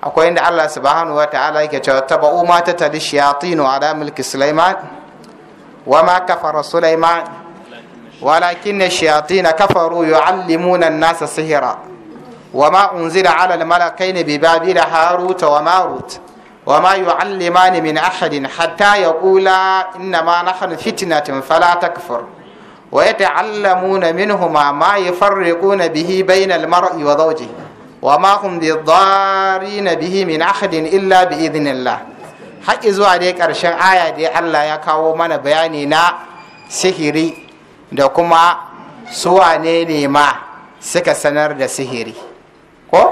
akwai inda Allah subhanahu ta'ala yake cewa taba'u ma tali shayatin ala mulki Sulaiman wa ma kafara Sulaiman walakin shayatin kafaru yu'allimuna an-nasa sihra wa ma unzila ala al-malakaini bi babila harut wa marut yu'allimani min ahadin hatta yaqula inna ma nahnu fitnatun fala takfur wa yata'allamuna minhuma ma yufarriquna bihi bainal mara wa zawjihi wa ma hum na bihi min ahadin illa bi idnillah haƙi zuwa dai ƙarshen aya dai Allah ya kawo mana bayani na sihiri da kuma suwa ne ma suka sanar da sihiri ko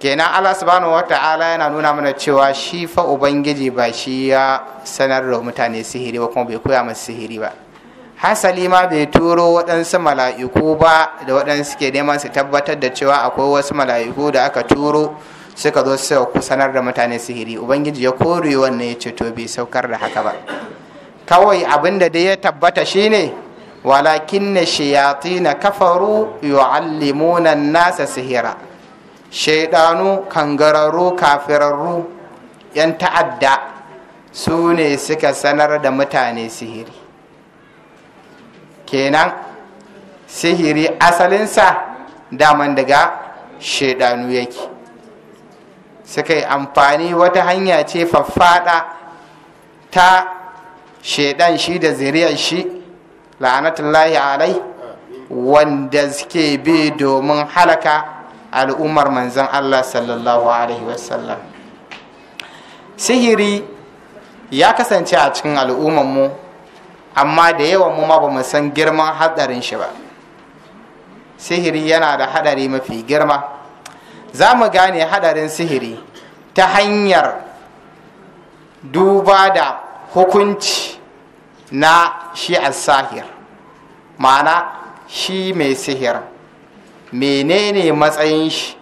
kenan Allah subhanahu wata'ala yana nuna mana cewa shi fa ubangiji ba shi ya sanar da mutane sihiri ba kuma bai koya masu sihiri ba hasali ma bai turo waɗansu mala'iku ba da waɗansu ke neman su tabbatar da cewa akwai wasu mala'iku da aka turo suka zo su sanar da mutane sihiri ubangiji ya kore wannan ya ce to bai saukar da haka ba kawai abin da ya tabbata shine walakin na shayati na kafaru yu'allimuna nasa sihira shaidanu kangararru kafirarru yan ta'adda su ne suka sanar da mutane sihiri kenan sihiri asalinsa daman daga shaidanu yake suka yi amfani wata hanya ce faffada ta shaidan shi da zuriyar shi la'anatullahi alai wanda suke bi domin halaka al'ummar manzan allah sallallahu alaihi wasallam sihiri ya kasance a cikin mu. amma da yawan mu ma ba san girman hadarin shi ba sihiri yana da hadari mafi girma za mu gane hadarin sihiri ta hanyar duba da hukunci na shi sahir ma'ana shi mai sihir menene matsayin shi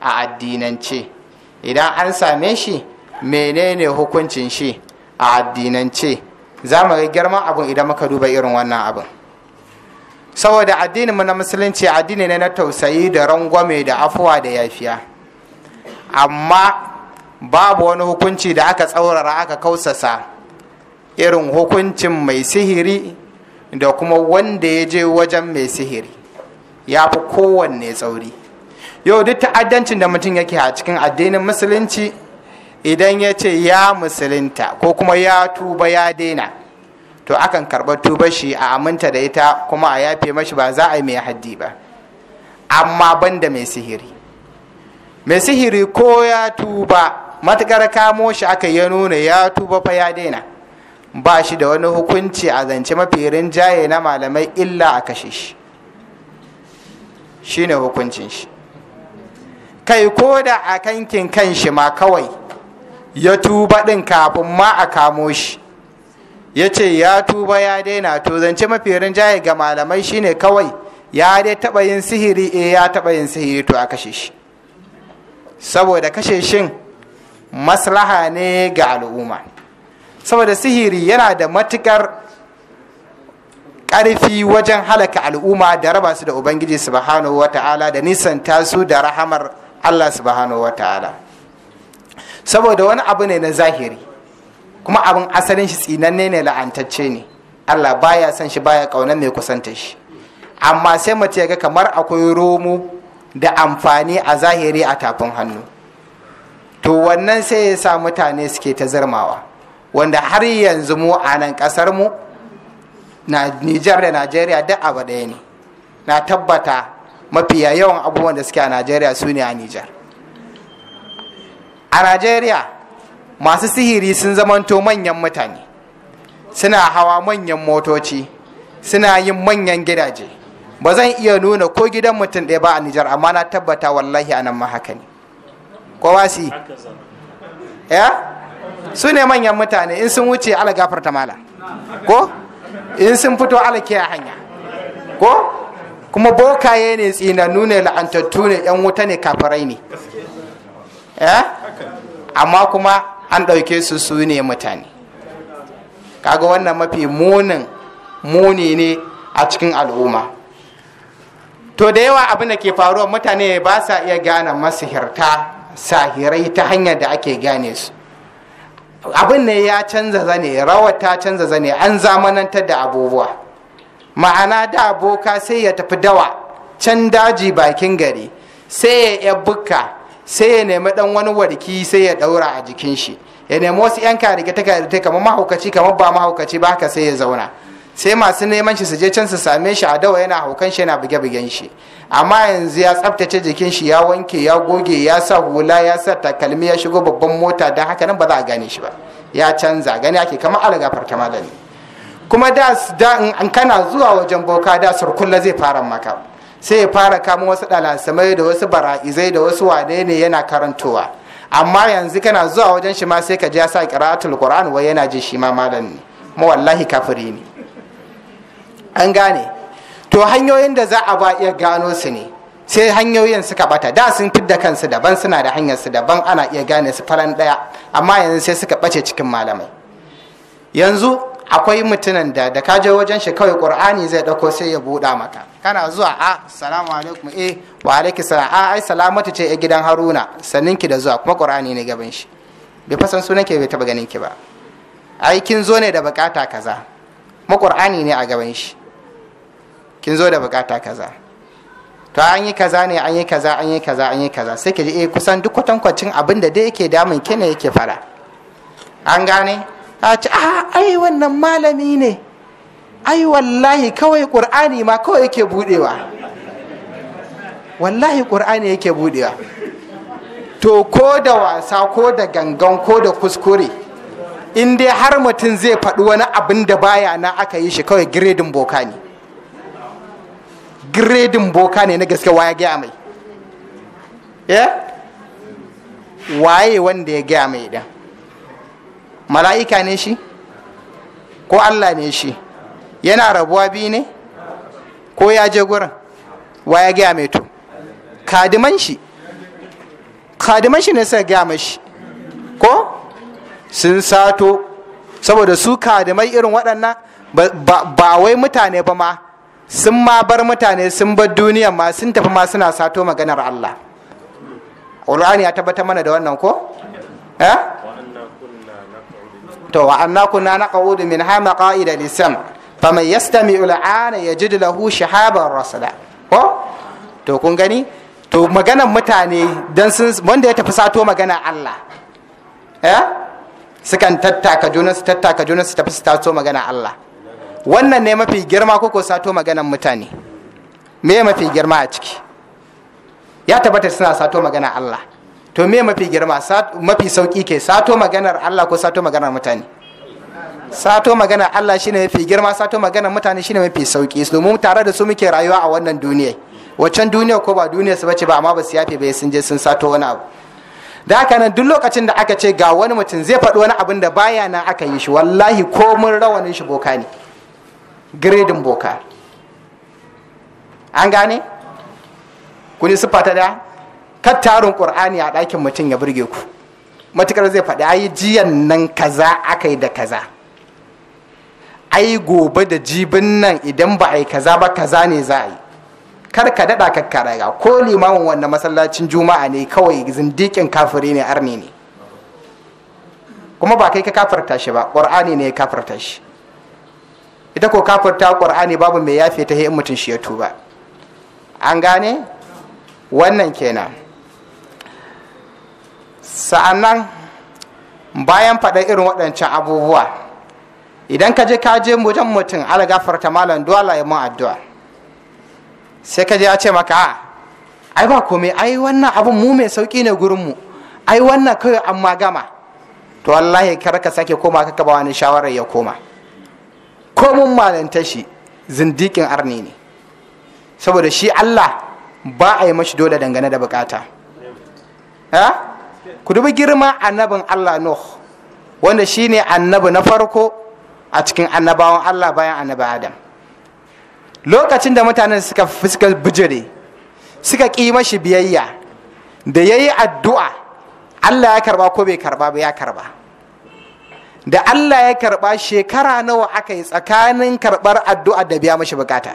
a addinance idan an same shi menene hukuncin shi a addinance za mu ga girman abin idan muka duba irin wannan abin. saboda addinin mu na musulunci addini ne na tausayi da rangwame da afuwa da yafiya amma babu wani hukunci da aka tsaurara aka kausasa irin hukuncin mai sihiri da kuma wanda ya je wajen mai sihiri ya fi kowanne tsauri yau duk ta'addancin da mutum yake a cikin addinin musulunci idan ya ce ya musulunta ko kuma ya tuba ya daina to akan karɓar tuba shi a aminta da ita kuma a yafe mashi ba za a yi mai haddi ba amma banda mai sihiri mai sihiri ko ya tuba matukar kamo shi aka ya nuna ya tuba fa ya daina ba shi da wani hukunci a zance mafi rinjaye na malamai illa a kashe shi shine hukuncin shi kai ko da a kankin kan shi ma kawai ya tuba ɗin kafin ma a kamo shi ya ce ya tuba ya daina to zance mafi rinjaye ga malamai shine kawai ya dai taɓa yin sihiri e ya taɓa yin sihiri to a kashe shi saboda kashe shin maslaha ne ga al'umma saboda sihiri yana da matukar ƙarfi wajen halaka al'umma da raba su da ubangiji subhanahu ta'ala da nisanta su da rahamar allah subhanahu ta'ala saboda wani abu ne na zahiri kuma abin asalin shi tsinanne ne la'antacce ne Allah baya son shi baya kauna mai kusanta shi amma sai mace ga kamar akwai romo da amfani a zahiri a tafin hannu to wannan sai ya sa mutane suke ta zarmawa wanda har yanzu mu a nan kasar mu Nijar da Najeriya duk abu ɗaya ne na tabbata mafiya yawan abubuwan da suke a Najeriya su ne a Nijar a najeriya masu sihiri sun zamanto manyan mutane suna hawa manyan motoci suna yin manyan gidaje ba zan iya nuna ko gidan mutum ɗaya ba a nijar amma na tabbata wallahi anan ma haka ne kowa su ya su ne manyan mutane in sun wuce ala ta mala ko in sun fito ala a hanya ko kuma bokaye ne tsinannu ne la'antattu ne yan wuta ne kafarai ne Eh? amma kuma an ɗauke su su ne mutane kaga wannan mafi munin muni ne a cikin al'umma to da yawa abin da ke faruwa mutane ba sa iya gane masihirta sahirai ta hanyar da ake gane su abin ne ya canza zane rawar ta canza zane an zamanantar da abubuwa ma'ana da aboka sai ya tafi dawa can daji bakin gari sai ya bukka sai ya nemi dan wani warki sai ya daura a jikin shi ya nemi wasu yan karike ta karike kamar mahaukaci kamar ba mahaukaci ba haka sai ya zauna sai masu neman shi su je can su same shi a dawa yana haukan shi yana buge bugen shi amma yanzu ya tsaftace jikin shi ya wanke ya goge ya sa hula ya sa takalmi ya shigo babban mota dan haka nan ba za a gane shi ba ya canza gani ake kama alaga ta malami kuma da in kana zuwa wajen boka da surkulla zai fara maka sai ya fara kama wasu ɗalasamai da wasu bara'izai da wasu wane ne yana karantowa amma yanzu kana zuwa wajen shi ma sai ka ji sa qira'atul qur'an wai yana ji shi ma malam ne mu wallahi kafiri ne an gane to hanyoyin da za a ba iya gano su ne sai hanyoyin suka bata da sun fidda kansu daban suna da hanyar su daban ana iya gane su faran daya amma yanzu sai suka bace cikin malamai yanzu akwai mutumin da da ka je wajen shi kawai qur'ani zai dauko sai ya buɗa maka kana zuwa a salamu alaikum eh wa alaikum salam a ai salamatu ce a gidan haruna sannin ki da zuwa kuma qur'ani ne gaban shi bai fasan sunan ki bai taba ganin ki ba ai kin zo ne da bukata kaza kuma qur'ani ne a gaban shi kin zo da bukata kaza to an yi kaza ne an yi kaza an yi kaza an yi kaza sai ki ji eh kusan duk kwatankwacin abin da dai yake damun ki ne yake fara an gane a ce a ah, ai wannan malami ne ai wallahi kawai ƙur'ani ma kawai yake budewa wallahi ƙur'ani yake budewa to ko da wasa ko da gangan ko da kuskure in dai har mutum zai faɗi wani abin da baya na aka yi shi kawai giredin boka ne giredin boka ne na gaske waya gaya mai eh? waye wanda ya gaya mai idan mala'ika ne shi ko allah ne shi yana rabuwa biyu ne ko ya je gurin wa ya gaya mai to kadiman shi kadiman shi ne suka gaya mashi ko sun sato saboda su kadimai irin waɗannan ba wai mutane ba ma sun ma bar mutane sun bar duniya ma sun tafi ma suna sato maganar allah ƙul'ani ya tabbata mana da wannan ko? eh to wa anna kunna naqudu min ha maqaida lisam faman yastami'u al'ana yajid lahu shahaban rasada ko to kun gani to maganan mutane dan sun wanda ya tafi sato magana Allah eh sukan tattaka juna su tattaka juna su tafi sato magana Allah wannan ne mafi girma ko sato maganan mutane me mafi girma a ciki ya tabbata suna sato magana Allah to me mafi girma mafi sauki ke sato maganar Allah ko sato maganar mutane sato maganar Allah shine mafi girma sato maganar mutane shine mafi sauki domin tare da su muke rayuwa a wannan duniya waccan duniya ko ba duniya su bace ba amma ba su yafe ba sun je sun sato wani abu da haka nan duk lokacin da aka ce ga wani mutum zai faɗi wani abin da baya na aka yi shi wallahi ko mun rawanin shi boka ne giredin boka an gane kuni siffa ta da kar tarin qur'ani a ɗakin mutum ya burge ku matukar zai faɗi ayi jiyan nan kaza aka yi da kaza ai gobe da jibin nan idan ba a yi kaza ba kaza ne za a yi kar ka daɗa ga ko limamin wannan masallacin juma'a ne kawai zindikin kafiri ne arni ne kuma ba kai ka kafarta shi ba ƙur'ani ne ya kafarta shi ita ko kafarta ƙur'ani babu mai yafe ta in mutum shi ya tuba an gane wannan kenan sa'annan bayan faɗa irin waɗancan abubuwa idan ka je ka je wajen mutum ala malam dole ya mun addu'a sai ka je ya ce maka a ai ba komai ai wannan abun mu mai sauki ne gurin mu ai wannan kawai an gama, to wallahi kar ka sake koma ka kaba wani shawarar ya koma ko mun malanta zindikin arni ne saboda shi Allah ba a yi mashi dole dangane da bukata eh? ku dubi girma annabin Allah Nuh wanda shine annabi na farko a cikin annabawan Allah bayan annabi Adam lokacin da mutanen suka fuska bijire suka ƙi mashi biyayya da yayi addu'a Allah ya karba ko bai karba ba ya karba da Allah ya karba shekara nawa aka yi tsakanin karbar addu'a da biya mashi bukata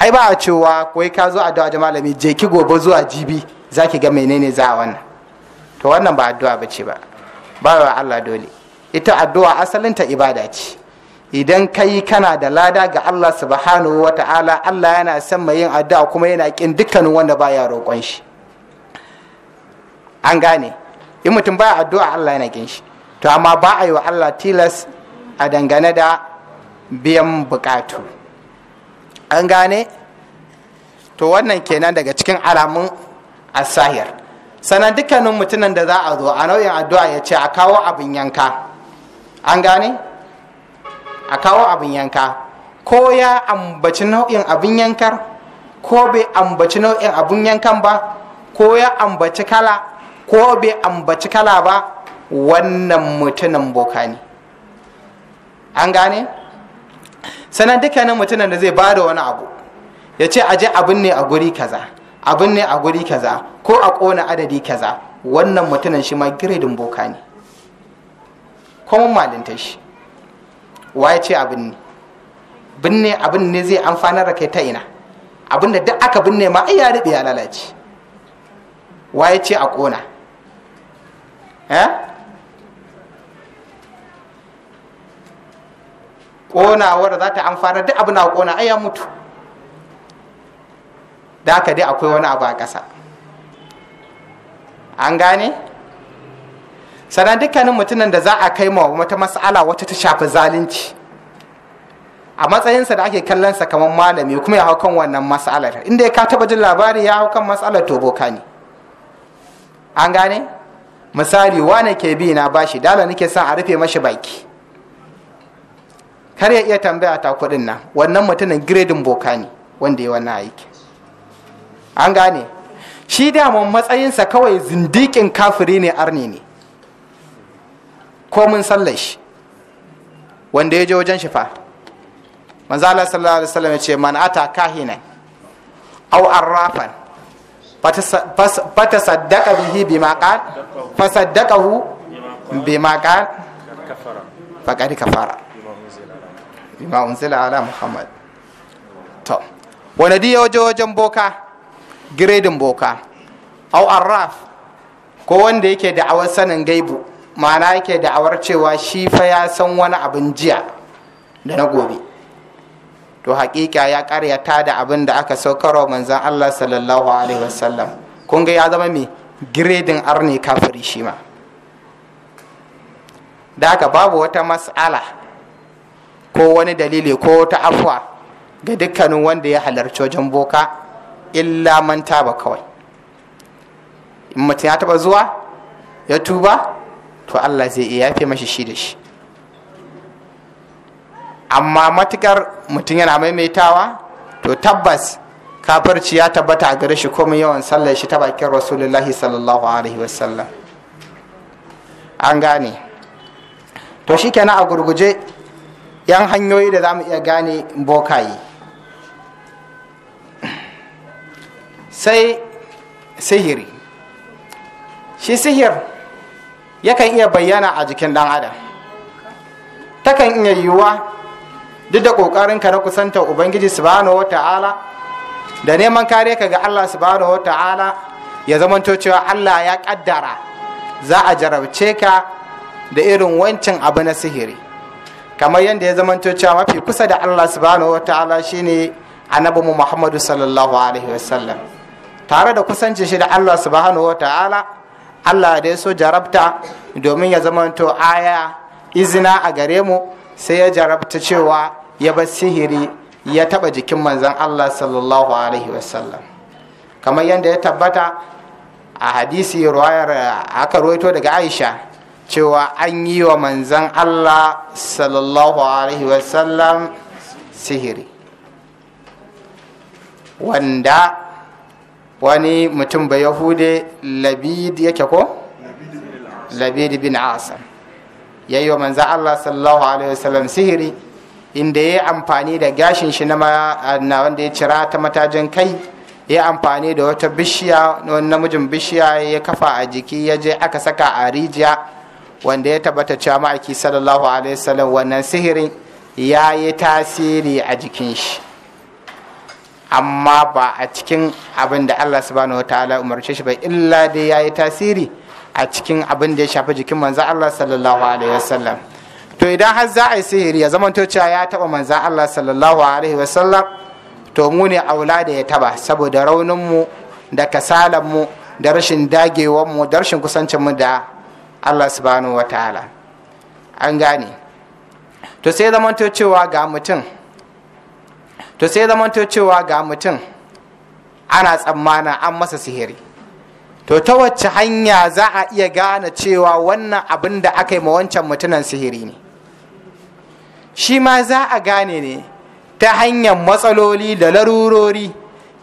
ai ba a cewa kai ka zo addu'a da malami je ki gobe zuwa jibi za ki ga menene za a wannan to wannan ba addu'a ba ce ba ba wa Allah dole ita addu'a asalinta ibada ce idan kai kana da lada ga Allah subhanahu wa ta'ala Allah yana son mai yin addu'a kuma yana kin dukkanin wanda baya roƙon shi an gane in mutum baya addu'a Allah yana kin shi to amma ba a yi wa Allah tilas a dangane da biyan bukatu an gane to wannan kenan daga cikin alamun asahir sannan dukkanin mutumin da za a zo a nau'in addu'a ya ce a kawo abin yanka an gane a kawo abin yanka ko ya ambaci nau'in abin yankar ko bai ambaci nau'in abin yankan ba ko ya ambaci kala ko bai ambaci kala ba wannan mutumin boka ne an gane sannan dukkanin mutumin da zai ba da wani abu ya ce aje abin ne a guri kaza abin ne a guri kaza ko a ƙona adadi kaza wannan mutumin shi ma giredin boka ne kuma malinta shi wa ya ce abin ne binne abin ne zai amfanar da kai ta ina abin da duk aka binne ma ai ya rube ya lalace wa ya ce a ƙona eh? ƙonawar za ta amfana duk abin a ƙona ai ya mutu da haka dai akwai wani abu a ƙasa an gane sannan dukkanin mutumin da za a kai ma wata mas'ala wata ta shafi zalunci a matsayinsa da ake kallon sa kamar malami kuma ya hau kan wannan mas'alar inda ya ka taba jin labari ya hau kan mas'alar to boka ne an gane misali wane ke bi na bashi dala nake son a rufe mashi baki kar ya iya tambaya ta kuɗin nan wannan mutumin giredin boka ne wanda ya wannan aiki an gane shi dama matsayinsa kawai zindikin kafiri ne arni ne ko mun shi wanda ya je wajen shifa. manzala sallallahu alaihi wasallam ya ce man ata kahinan aw arrafan fata saddaka bihi bi qal fa saddaqahu bima qal faqad kafara bima unzila ala muhammad to wanda ya je wajen boka giredin boka au arraf ko wanda yake da'awar sanin gaibu ma'ana yake da'awar cewa shi fa ya san wani abin jiya da na gobe to hakika ya karyata da abin da aka saukarwa manzan Allah sallallahu alaihi wasallam kun ga ya zama mai giredin arne kafiri shi ma da aka babu wata mas'ala ko wani dalili ko wata afwa ga dukkanin wanda ya halarci wajen boka illa man taba kawai in mutum ya taba zuwa ya tuba to Allah zai iya yafe mashi shi da shi amma matukar mutum yana maimaitawa to tabbas kafirci ya tabbata a gare shi komai yawan sallar shi ta bakin rasulullahi sallallahu alaihi wasallam an gane to shi shikenan a gurguje yan hanyoyi da za mu iya gane bokaye sai sihiri shi sihir yakan iya bayyana a jikin ɗan adam takan iya yiwuwa duk da ƙoƙarinka na kusanta ubangiji subhanahu wata'ala da neman kare ka ga allah subhanahu wata'ala ya zamanto cewa allah ya ƙaddara za a jarabce ka da irin wancan abu na sihiri kamar yadda ya zamanto cewa mafi kusa da allah subhanahu wata'ala shine annabi muhammadu sallallahu alaihi wasallam tare da kusanci shi da Allah subhanahu wata'ala Allah da ya so jarabta domin ya zamanto aya izina a gare mu sai ya jarabta cewa ya bar sihiri ya taba jikin manzan Allah sallallahu alaihi wasallam kamar yadda ya tabbata a hadisi ruwayar aka ruwaito daga Aisha cewa an yi wa manzan Allah sallallahu alaihi wasallam sihiri wanda wani mutum ba yahude labid yake ko labid bin asam ya yi wa manzan allah sallallahu alaihi wasallam sihiri inda ya yi amfani da gashin shi na wanda ya cira ta matajin kai ya amfani da wata bishiya wani namijin bishiya ya kafa a jiki ya je aka saka a rijiya wanda ya tabbata cewa ma'aiki sallallahu alaihi wasallam wannan sihirin ya yi tasiri a jikin shi amma ba a cikin abin da Allah subhanahu ta'ala umarce shi ba illa dai yi tasiri a cikin abin da ya shafi jikin manza Allah sallallahu alaihi wasallam to idan har za a yi sihiri ya zama cewa ya taba manza Allah sallallahu alaihi wasallam to mu ne aula da ya taba saboda raunin mu da kasalan mu da rashin dagewar mu da rashin kusancin mu da Allah subhanahu ta'ala an gane to sai zama cewa ga mutum to sai zamanto cewa ga mutum ana tsammana an masa sihiri to ta wacce hanya za a iya gane cewa wannan abin da aka yi ma wancan mutumin sihiri ne shi ma za a gane ne ta hanyar matsaloli da larurori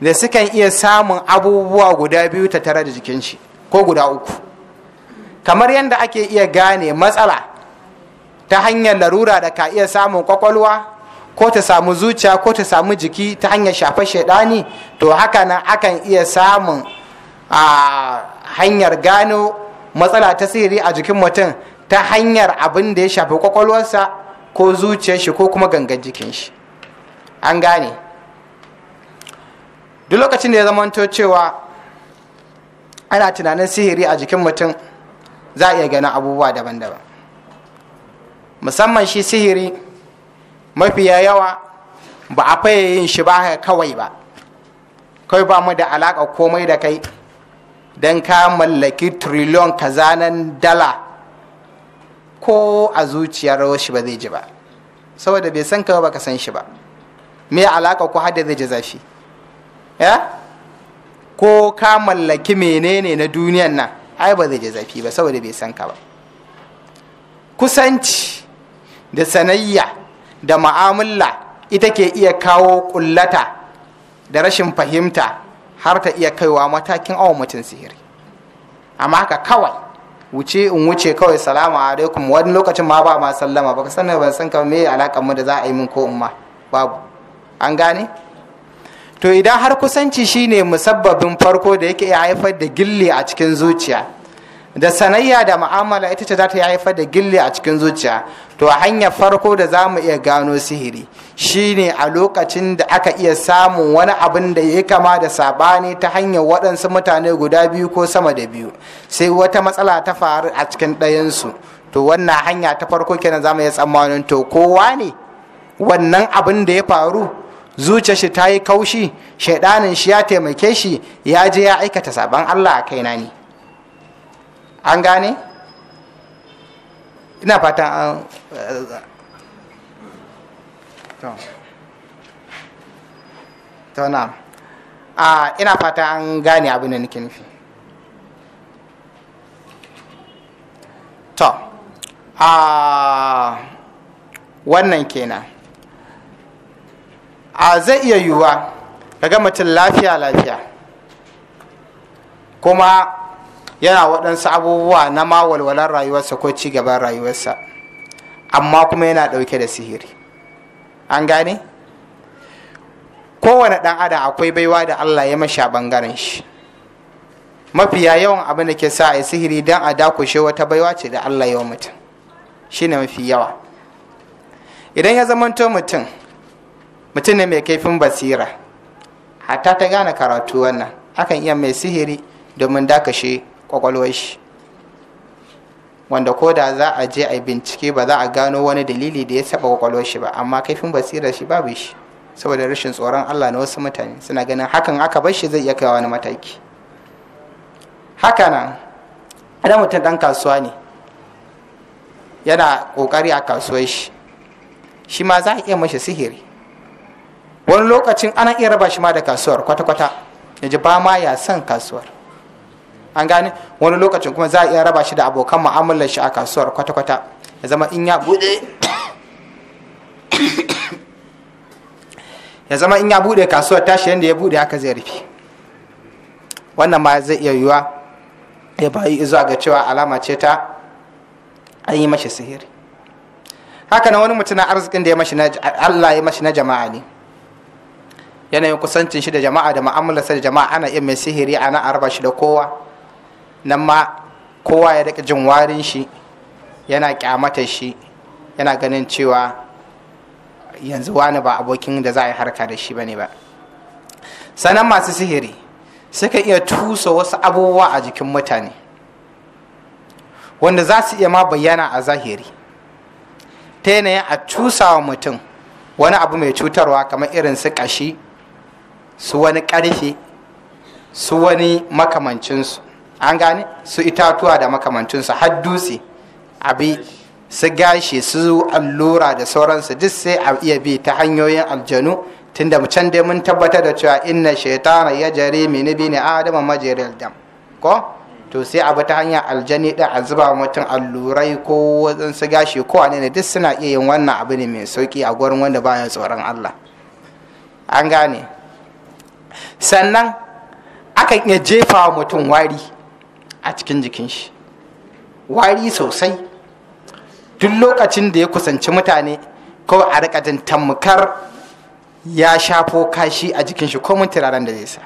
da sukan iya samun abubuwa guda biyu ta tare da jikin shi ko guda uku kamar yadda ake iya gane matsala ta hanyar larura da ka iya samun kwakwalwa ko ta samu zuciya ko ta samu jiki ta hanyar shafa shaidani to haka nan akan iya samun a hanyar gano matsala ta sihiri a jikin mutum ta hanyar abin da ya shafi kwakwalwarsa ko zuciyar shi ko kuma gangan jikin shi an gane duk lokacin da ya zamanto cewa ana tunanin sihiri a jikin mutum za a iya ganin abubuwa daban-daban musamman shi sihiri mafiya yawa ba a faye yin shi ba kawai ba kai ba mu da alaka komai da kai don ka mallaki triliyon kazanan dala ko a zuciyar shi ba zai ji ba saboda bai san ka ba ka san shi ba me alaka ko hada zai ji zafi ya eh? ko ka mallaki menene na duniyan nan ai ba zai ji zafi ba saboda bai san ka ba kusanci da sanayya da ma'amulla ita ke iya kawo kullata da rashin fahimta har ta iya kaiwa matakin awon mutum sihiri amma haka kawai wuce in wuce kawai salamu alaikum wani lokacin ma ba ma sallama baka sanar ban san kamar meye alakan mu da za a yi min ko umma babu an gane to idan har kusanci shine musabbabin farko da yake haifar da gilli a cikin zuciya da sanayya da mu'amala ita ce za ta haifar da gilli a cikin zuciya to hanyar farko da za mu iya gano sihiri shine a lokacin da aka iya samun wani abin da ya kama da sabani ta hanyar waɗansu mutane guda biyu ko sama da biyu sai wata matsala ta faru a cikin ɗayansu to wannan hanya ta farko kenan za mu iya tsammanin to kowa ne wannan abin da ya faru zuciya shi ta yi kaushi shaidanin shi ya taimake shi ya je ya aikata sabon allah a kaina ne an gane ina fatan an tona na a ina fata an gane abin da nake nufi to a wannan kenan a zai iya yiwuwa daga mutum lafiya lafiya kuma yana waɗansu abubuwa na ma walwalar rayuwarsa ko ci gaban rayuwarsa amma kuma yana ɗauke da sihiri an gane kowane ɗan adam akwai baiwa da allah ya masha ɓangaren shi mafiya yawan abin da ke sa a yi sihiri don a dakushe wata baiwa ce da allah yawan mutum shine mafi yawa idan ya zamanto mutum mutum ne mai kaifin basira hatta ta gane karatu wannan akan iya mai sihiri domin dakashe kwakwalwar shi wanda ko da za a je a bincike ba za a gano wani dalili da ya saba kwakwalwar shi ba amma kaifin basira shi babu shi saboda rashin tsoron Allah na wasu mutane suna ganin hakan aka bar shi zai iya kai wani mataki haka nan idan mutum dan kasuwa ne yana kokari a kasuwar shi shi ma za a iya mashi sihiri wani lokacin ana iya raba shi ma da kasuwar kwata-kwata ya ji ba ma ya san kasuwar an gane wani lokacin kuma za a iya raba shi da abokan mu'amalar shi a kasuwar kwata-kwata ya zama in ya bude (coughs) ya zama in ya bude kasuwar tashi yadda ya bude haka zai rufe wannan ma zai iya yiwuwa ya bayi zuwa ga cewa alama ce ta an yi mashi sihiri haka nan wani mutum na arzikin da ya mashi na Allah ya mashi na jama'a ne yanayin kusancin shi da jama'a da mu'amalarsa da jama'a ana iya mai sihiri ana arba shi da kowa nan ma kowa ya rika jin warin shi yana kyamata shi yana ganin cewa yanzu wani ba abokin da za a yi harka da shi bane ba sannan masu sihiri suka iya tusa wasu abubuwa a jikin mutane wanda za su iya ma bayyana a zahiri ta yanayin a tusa wa mutum wani abu mai cutarwa kamar irin su kashi su wani ƙarfe su wani makamancinsu an gane su itatuwa da makamancinsu har dutse abi su gashi su allura da sauransu duk sai a iya bi ta hanyoyin aljanu tunda mu can dai mun tabbatar da cewa inna shaitana ya jare mini bi ne adama majeril dam ko to sai a ta hanyar aljani da a zuba mutum allurai ko wajen su gashi ko ne duk suna iya yin wannan abu ne mai sauki a gurin wanda baya tsoron Allah an gane sannan akan iya jefa mutum wari a cikin jikin shi wari sosai duk lokacin da ya kusanci mutane ko a rika jin ya shafo kashi a jikin shi ko turaren da zai sa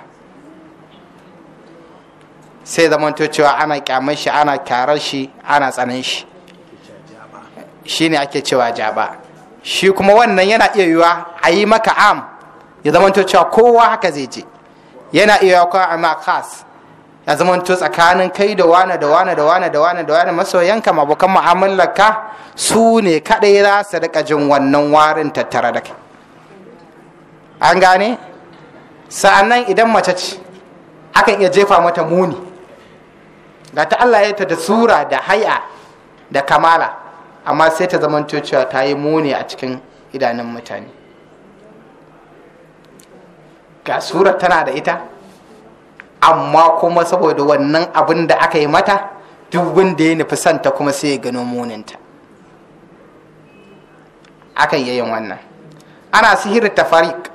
sai to cewa ana kyamar shi ana kyarar shi ana tsanan shi shi ne ake cewa jaba shi kuma wannan yana iya yiwuwa a yi maka am ya to cewa kowa haka zai je yana iya wa kowa amma khas ya zama to tsakanin kai da wane da wane da wane da wane da wane masoyanka abokan mu'amalarka su ne kadai za su rika jin wannan warin tattara da kai an gane sa'annan idan mace ce akan iya jefa mata muni ga ta Allah ya ta da sura da haya da kamala amma sai ta zama cewa ta yi muni a cikin idanun mutane ga sura tana da ita amma kuma saboda wannan abin da aka yi mata duk wanda ya nufi santa kuma sai ya gano muninta akan yi yin wannan ana ta tafarik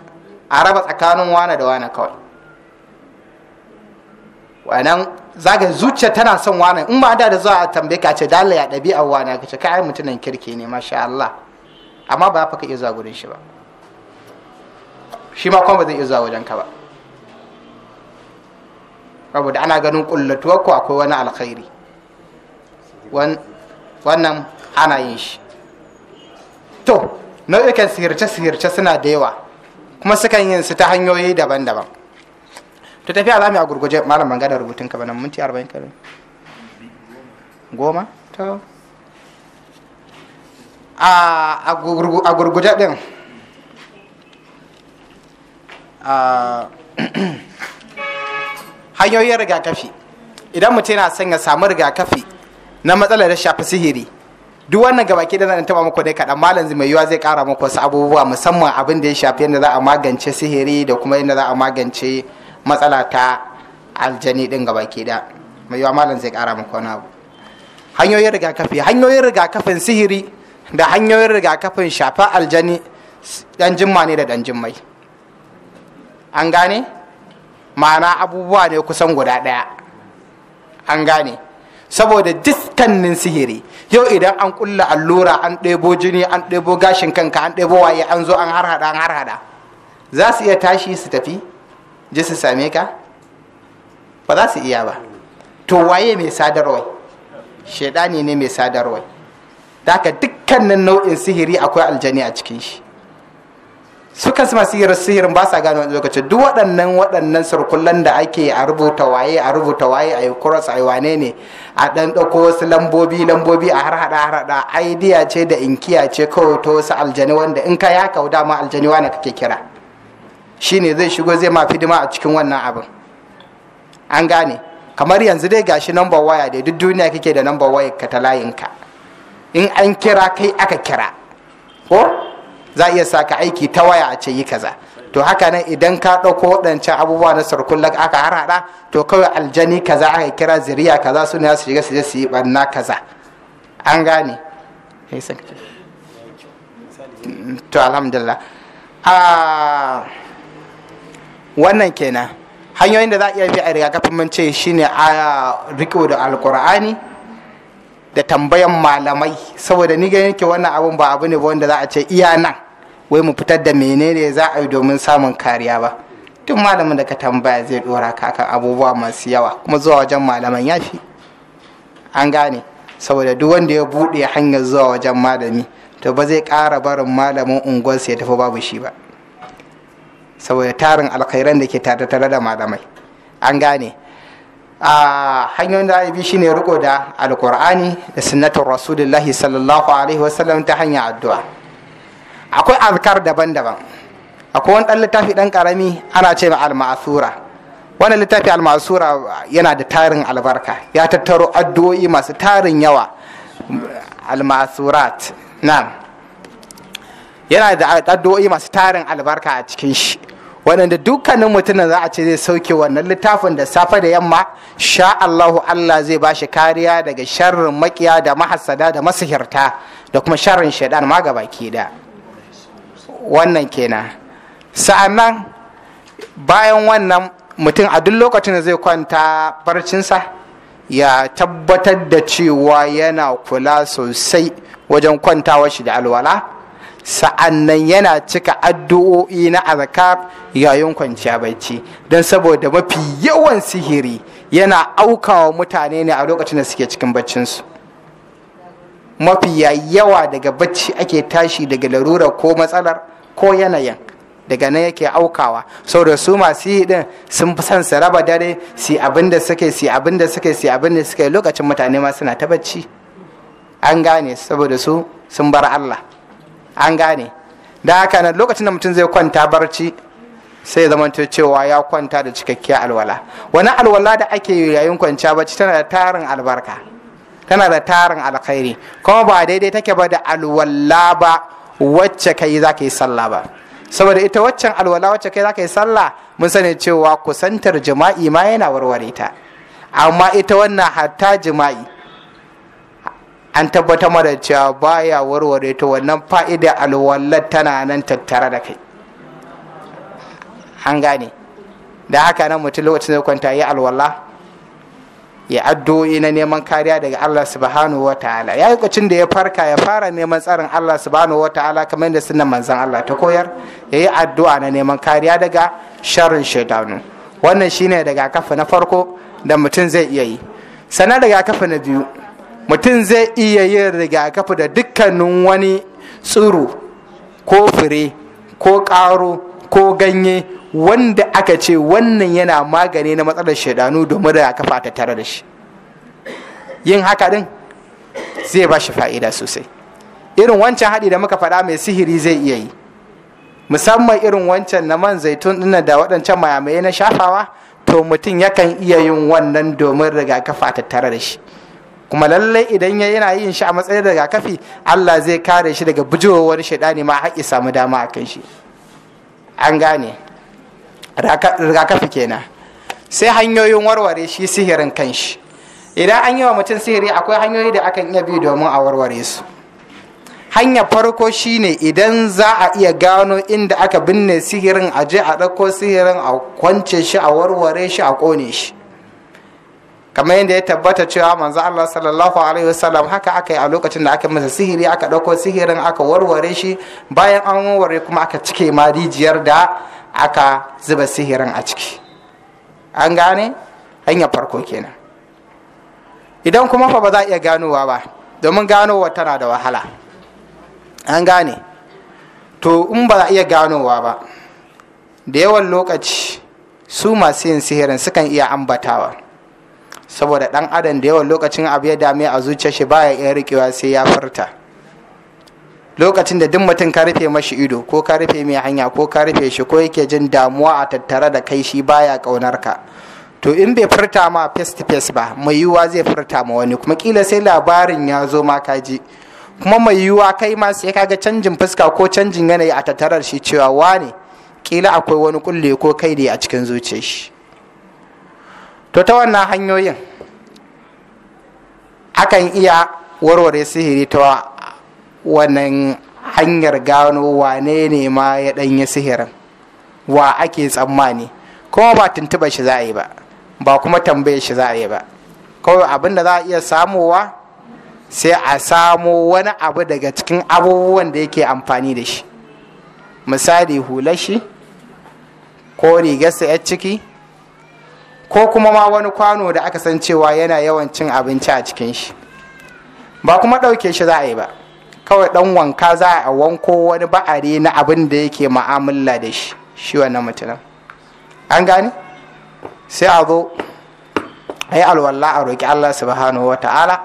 a raba tsakanin wane da wane kawai wannan zaga zuciya tana son wane in ba da da zuwa a tambaye ka ce dalla ya a wane ka ce kai mutunan kirki ne masha Allah amma ba fa ka iya zuwa gurin shi ba shi ma kuma ba zai iya zuwa wajen ka ba saboda ana ganin kullatuwar ko akwai wani alkhairi wannan ana yin shi to nau'ikan sihirce-sihirce suna da yawa kuma sukan yin su ta hanyoyi daban-daban ta tafiya za mu a gurguje malam bangada rubutun ka banan minti 40 kare goma ta a gurguje din (clears throat) hanyoyin rigakafi idan mutum yana son ya samu rigakafi na matsalar da shafi sihiri duk wannan gabaki da nan taba muku dai kaɗan malam mai yiwuwa zai ƙara muku wasu abubuwa musamman abin da ya shafi yadda za a magance sihiri da kuma yadda za a magance matsala ta aljani din gabaki da mai yiwuwa malam zai ƙara muku wani abu hanyoyin rigakafi hanyoyin rigakafin sihiri da hanyoyin rigakafin shafa aljani dan jimma ne da dan jimmai an gane ma'ana abubuwa ne kusan guda ɗaya an gane saboda dukkanin sihiri yau idan an kulla allura an ɗebo jini an ɗebo gashin kanka an ɗebo waye an zo an harhada an harhada za su iya tashi su tafi je su same ka ba za su iya ba to waye mai sadarwai shaidani ne mai sadarwai da haka dukkanin nau'in sihiri akwai aljani a cikin shi su kansu masu sihir sihirin ba sa gane wani lokaci. duk waɗannan waɗannan surkullan da ake a rubuta waye a rubuta waye a yi cross a yi wane ne a ɗan ɗauko wasu lambobi lambobi a har haɗa har haɗa aidiya ce da inkiya ce kawai ta wasu aljani wanda in ka ya kawo dama aljani wane kake kira shine zai shigo zai ma fidima a cikin wannan abin an gane kamar yanzu dai gashi number waya dai duk duniya kake da number waya ka ta layinka in an kira kai aka kira ko za a iya sa ka aiki ta waya a ce yi kaza to haka nan idan ka ɗauko waɗancan abubuwa na sarkun aka harhaɗa to kawai aljani kaza aka kira ziriya kaza su ne su shiga su je su yi ɓanna kaza an gane to alhamdulillah a ah, wannan kenan hanyoyin da za a iya bi a rigakafin mun ce shine a ah, riƙo da alkur'ani da tambayan malamai saboda ni ganin ke wannan abun ba abu ne ba wanda za a ce iya nan wai mu fitar da menene za a yi domin samun kariya ba duk malamin da ka tambaya zai dora ka kan abubuwa masu yawa kuma zuwa wajen malaman fi an gane saboda duk wanda ya buɗe hanyar zuwa wajen malami to ba zai ƙara barin malamin unguwarsa ya tafi babu shi ba saboda tarin alkhairan da ke tare tare da malamai an gane a hanyoyin da bi shine riko da alkur'ani da sunnatar rasulullahi sallallahu alaihi wasallam ta hanyar addu'a akwai azkar daban-daban akwai wani ɗan littafi ɗan ƙarami ana ce al-ma'asura wannan littafi al-ma'asura yana da tarin albarka ya tattaro addu'o'i masu tarin yawa al-ma'asurat na'am yana da addu'o'i masu tarin albarka a cikin shi waɗanda dukkanin mutumin za a ce zai sauke wannan littafin da safe da yamma sha Allahu Allah zai ba shi kariya daga sharrin makiya da mahasada da masihirta da kuma sharrin shaidan ma ga da wannan kenan sa'annan bayan wannan mutum a duk lokacin da zai kwanta barcinsa ya tabbatar da cewa yana kula sosai wajen kwantawa shi da alwala sa'annan yana cika addu'o'i na azkar yayin kwanciya bacci don saboda mafi yawan sihiri yana aukawa mutane ne a lokacin da suke cikin baccinsu mafi yawa daga bacci ake tashi daga larura ko matsalar ko yanayin daga nan yake aukawa saboda su masu yi din sun fi san su raba dare si abin da suke si abin da suke si abin da suke lokacin mutane ma suna ta bacci an gane saboda su sun bar Allah an gane da haka nan lokacin da mutum zai kwanta barci sai zama cewa ya kwanta da cikakkiyar alwala wani alwala da ake yayin kwanciya bacci tana da tarin albarka tana da tarin alkhairi kuma ba daidai take ba da alwala ba wacce kai za ka yi sallah ba saboda ita waccan alwala wacce kai za ka yi sallah mun sani cewa kusantar jima'i ma yana warware ta amma ita wannan hatta jima'i an tabbatar mana cewa baya warware ta wannan fa'ida alwallar tana nan tattare da kai an gane da haka nan mutum lokacin zai kwanta yi alwala ya addu'o'i na neman kariya daga Allah subhanahu wa ta'ala ya lokacin da ya farka ya fara neman tsarin Allah subhanahu wa ta'ala kamar yadda sunan manzan Allah ta koyar ya yi addu'a na neman kariya daga Sharin shaidanu wannan shine daga kafa na farko da mutum zai iya yi sannan daga kafa na biyu mutum zai iya yin rigakafi da dukkanin wani tsiro ko fure ko ƙaro ko ganye wanda aka ce wannan yana magani na matsalar shaidanu domin rigakafa ta tare da shi yin haka din zai ba shi fa'ida sosai irin wancan haɗi da muka faɗa mai sihiri zai iya yi musamman irin wancan na man zaitun ɗin da waɗancan mayamaye na shafawa to mutum yakan iya yin wannan domin rigakafa ta tare da shi kuma lallai idan ya yana yin shi a matsayin rigakafi Allah zai kare shi daga bujewa wani shaidani ma har samu dama a kan shi an gane rigakafi kenan sai hanyoyin warware shi sihirin kan shi idan an yi wa mutum sihiri akwai hanyoyi da akan iya bi domin a warware su hanyar farko shine idan za a iya gano inda aka binne sihirin a je a ɗauko sihirin a kwance shi a warware shi a ƙone shi kamar yadda ya tabbata cewa manzo Allah sallallahu alaihi wasallam haka aka yi a lokacin da aka masa sihiri aka ɗauko sihirin aka warware shi bayan an warware kuma aka cike ma rijiyar da aka zuba sihirin a ciki an gane hanya farko kenan idan kuma fa ba za a iya ganowa ba domin ganowa tana da wahala an gane to in ba za a iya ganowa ba da yawan lokaci su masu yin sihirin sukan iya ambatawa saboda dan adam da yawan lokacin abu ya dame a zuciyar shi baya iya rikewa sai ya furta lokacin da duk mutum ka rufe mashi ido ko ka rufe mai hanya ko ka rufe shi ko yake jin damuwa a tattare da kai shi baya kaunar ka to in bai furta ma face to face ba mai yiwuwa zai furta ma wani kuma kila sai labarin ya zo ma ka ji kuma mai yiwuwa kai ma sai ka kaga canjin fuska ko canjin yanayi a tattarar shi cewa wane kila akwai wani kulle ko kai ne a cikin zuciyar shi to ta wannan hanyoyin akan iya warware sihiri ta wannan hanyar gano wane ne ma ya ɗanyi sihirin wa ake tsammani kuma ba tuntuɓa shi za a yi ba ba kuma tambaye shi za a yi ba kawai abin da za a iya samowa sai a samo wani abu daga cikin abubuwan da yake amfani da shi misali hular shi ko rigarsa 'yar ciki ko kuma ma wani kwano da aka san cewa yana yawan cin abinci a cikin shi ba kuma ɗauke shi za a yi ba kawai ɗan wanka za a wanko wani ba'ari na abin da yake ma'amala da shi shi wannan mutumin an gane sai a zo a yi alwala a roƙi allah subhanahu wa ta'ala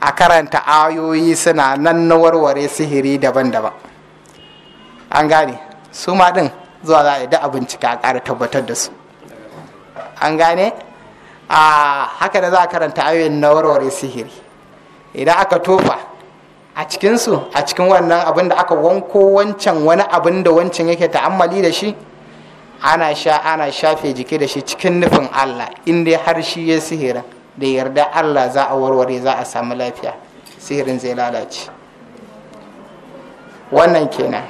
a karanta ayoyi suna nan na warware sihiri daban-daban an gane su ma ɗin zuwa za a yi da abinci ka ƙara tabbatar da su an gane a haka da za a karanta ayoyin na warware sihiri idan aka tofa a cikinsu a cikin wannan abin da aka wanko wancan wani abin da wancan yake ta'ammali da shi ana sha ana shafe jiki da shi cikin nufin allah in dai har shi ya sihirin da yarda allah za a warware za a samu lafiya sihirin zai lalace wannan kenan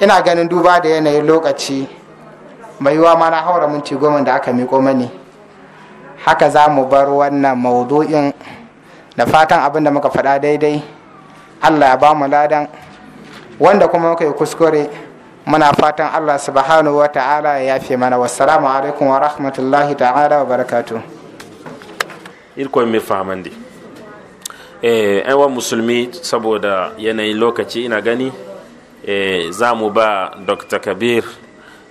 ina ganin duba da yanayin lokaci mai yiwa ma na haura minti goma da aka miko mani haka za mu bar wannan maudu'in da fatan abin da muka faɗa daidai allah ya ba mu ladan wanda kuma muka yi kuskure muna fatan allah subhanahu wa ta'ala ya yafe mana wassalamu alaikum wa rahmatullahi ta'ala wa barakatu mai mi fahamandi eh wa musulmi saboda yanayin lokaci ina gani eh, za mu ba dr kabir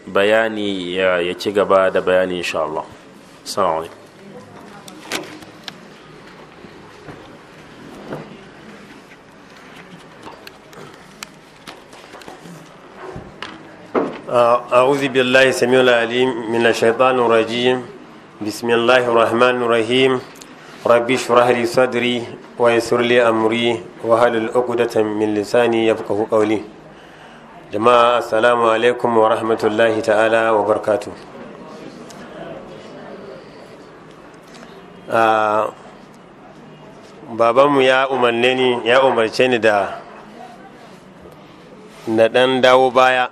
bayani ya ci gaba da bayani insha Allah assalamu alaikum أعوذ بالله السميع العليم من الشيطان الرجيم بسم الله الرحمن الرحيم ربي اشرح لي صدري ويسر لي أمري وهل العقدة من لساني يفقه قولي jama'a assalamu alaikum wa rahmatullahi ta'ala wa barkatu ah, babanmu ya umarne ni ya umarce ni da na ɗan dawo baya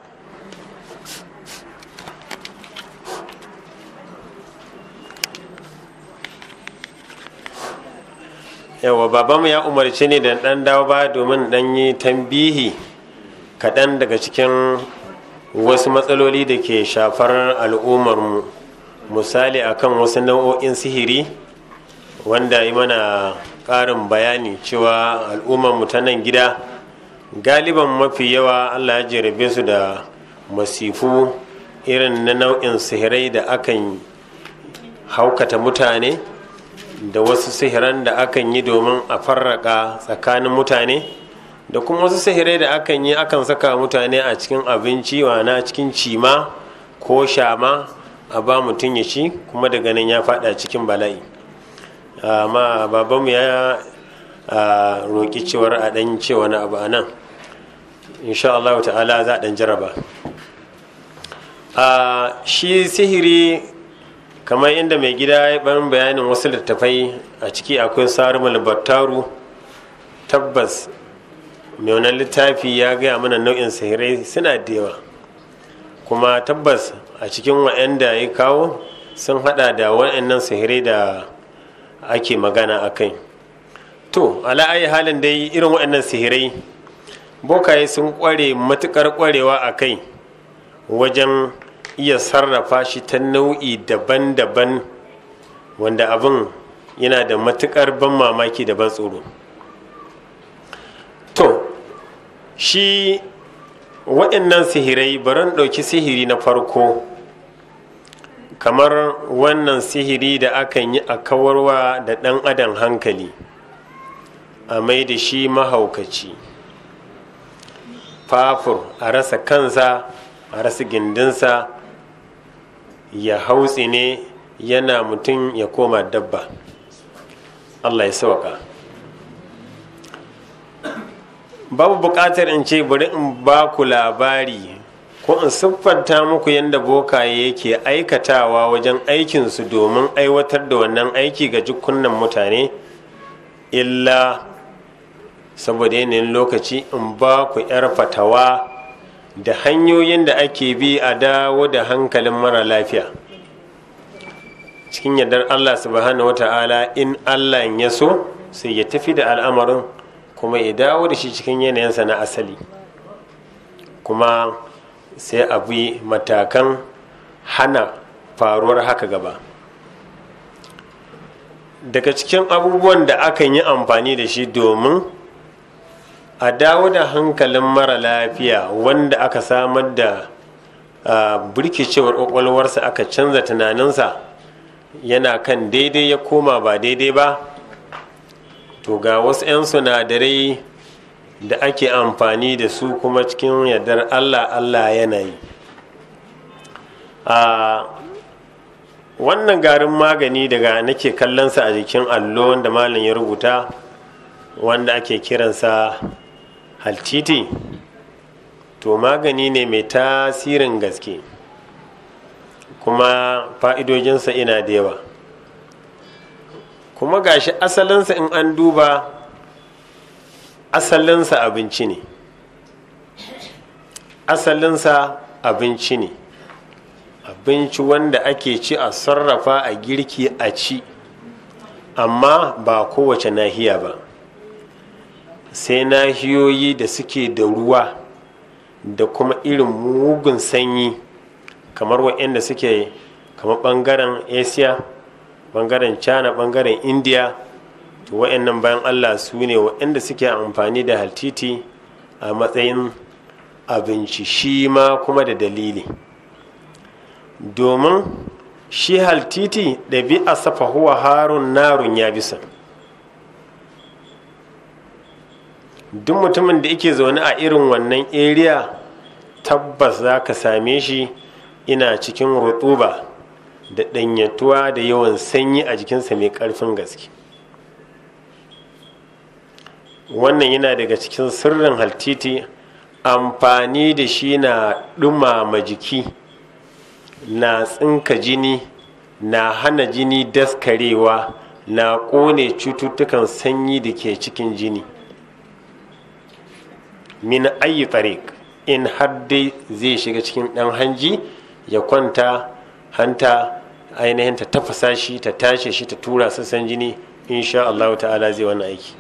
yawa babanmu ya umarce ni da ɗan dawo baya domin ɗan yi tambihi kaɗan daga cikin wasu matsaloli da ke shafar al'ummarmu misali akan wasu nau'o'in sihiri wanda yi mana ƙarin bayani cewa al'ummarmu ta nan gida galiban mafi yawa allah ya jarabe su da masifu irin na nau'in sihirai da akan haukata mutane da wasu sihiran da akan yi domin a farraka tsakanin mutane da kuma wasu sihirai da akan yi akan saka mutane a cikin abinci wana cikin cima ko shama a ba mutum ya ci kuma daga nan ya fada cikin bala'i amma babanmu ya roƙi cewar a ɗan ce wani abu a nan insha Allah ta'ala za a ɗan jaraba shi sihiri kamar inda mai gida ya bayanin wasu littattafai a ciki akwai sarumul battaru tabbas mai wannan littafi ya gaya mana nau'in sihirai suna da yawa kuma tabbas a cikin wa'anda ya kawo sun hada da wa'annan sihirai da ake magana a kai to ala'ayi halin dai irin wa'annan sihirai bokaye sun kware matukar kwarewa a kai wajen iya sarrafa shi ta nau'i daban-daban wanda abin yana da matukar ban mamaki da ban tsoro shi waɗannan sihirai baran ɗauki sihiri na farko kamar wannan sihiri da akan yi a kawarwa da ɗan adam hankali a mai da shi mahaukaci fafur a rasa kansa a rasa gindinsa ya hautsi ne yana mutum ya koma dabba allah ya sauka babu buƙatar in ce bari in ba ku labari ko in siffanta muku yadda bokaye yake aikatawa wajen aikinsu domin aiwatar da wannan aiki ga jukunan mutane illa saboda yanayin lokaci in ba ku 'yar fatawa da hanyoyin da ake bi a dawo da hankalin mara lafiya cikin yardar allah subhanahu wa ta'ala in allah ya so sai ya tafi da al'amarin kuma ya dawo da shi cikin yanayinsa na asali kuma sai a bi matakan hana faruwar haka gaba daga cikin abubuwan da akan yi amfani da shi domin a dawo da hankalin mara lafiya wanda aka samar da birkicewar kwakwalwarsa aka canza tunaninsa yana kan daidai ya koma ba daidai ba to ga wasu 'yan sunadarai da ake amfani da su kuma cikin yardar allah allah yanayi a wannan garin magani daga nake kallonsa a jikin allo da malam ya rubuta wanda ake kiransa haltiti to magani ne mai tasirin gaske kuma fa'idojinsa ina da yawa kuma gashi asalinsa in an duba asalinsa abinci ne asalinsa abinci ne abinci wanda ake ci a sarrafa a girki a ci amma ba kowace nahiya ba sai nahiyoyi da suke da ruwa da kuma irin mugun sanyi kamar waɗanda suke kamar ɓangaren asia bangaren china bangaren india to wa'annan bayan allah su ne wa'anda suke amfani da haltiti a matsayin abinci shi ma kuma da dalili domin shi haltiti ɗabi'a safa huwa harun narun ya bisa duk mutumin da yake zaune a irin wannan area tabbas za ka same shi ina cikin rutuba da ɗanyatuwa da yawan sanyi a jikinsa mai ƙarfin gaske wannan yana daga cikin sirrin haltiti amfani da shi na ɗumama jiki na tsinka jini na hana jini daskarewa na ƙone cututtukan sanyi da ke cikin jini min ayi tsarik in har dai zai shiga cikin ɗan hanji ya kwanta hanta ainihin ta tafasa shi ta tashe shi ta tura sassan jini insha Allah ta'ala zai wani aiki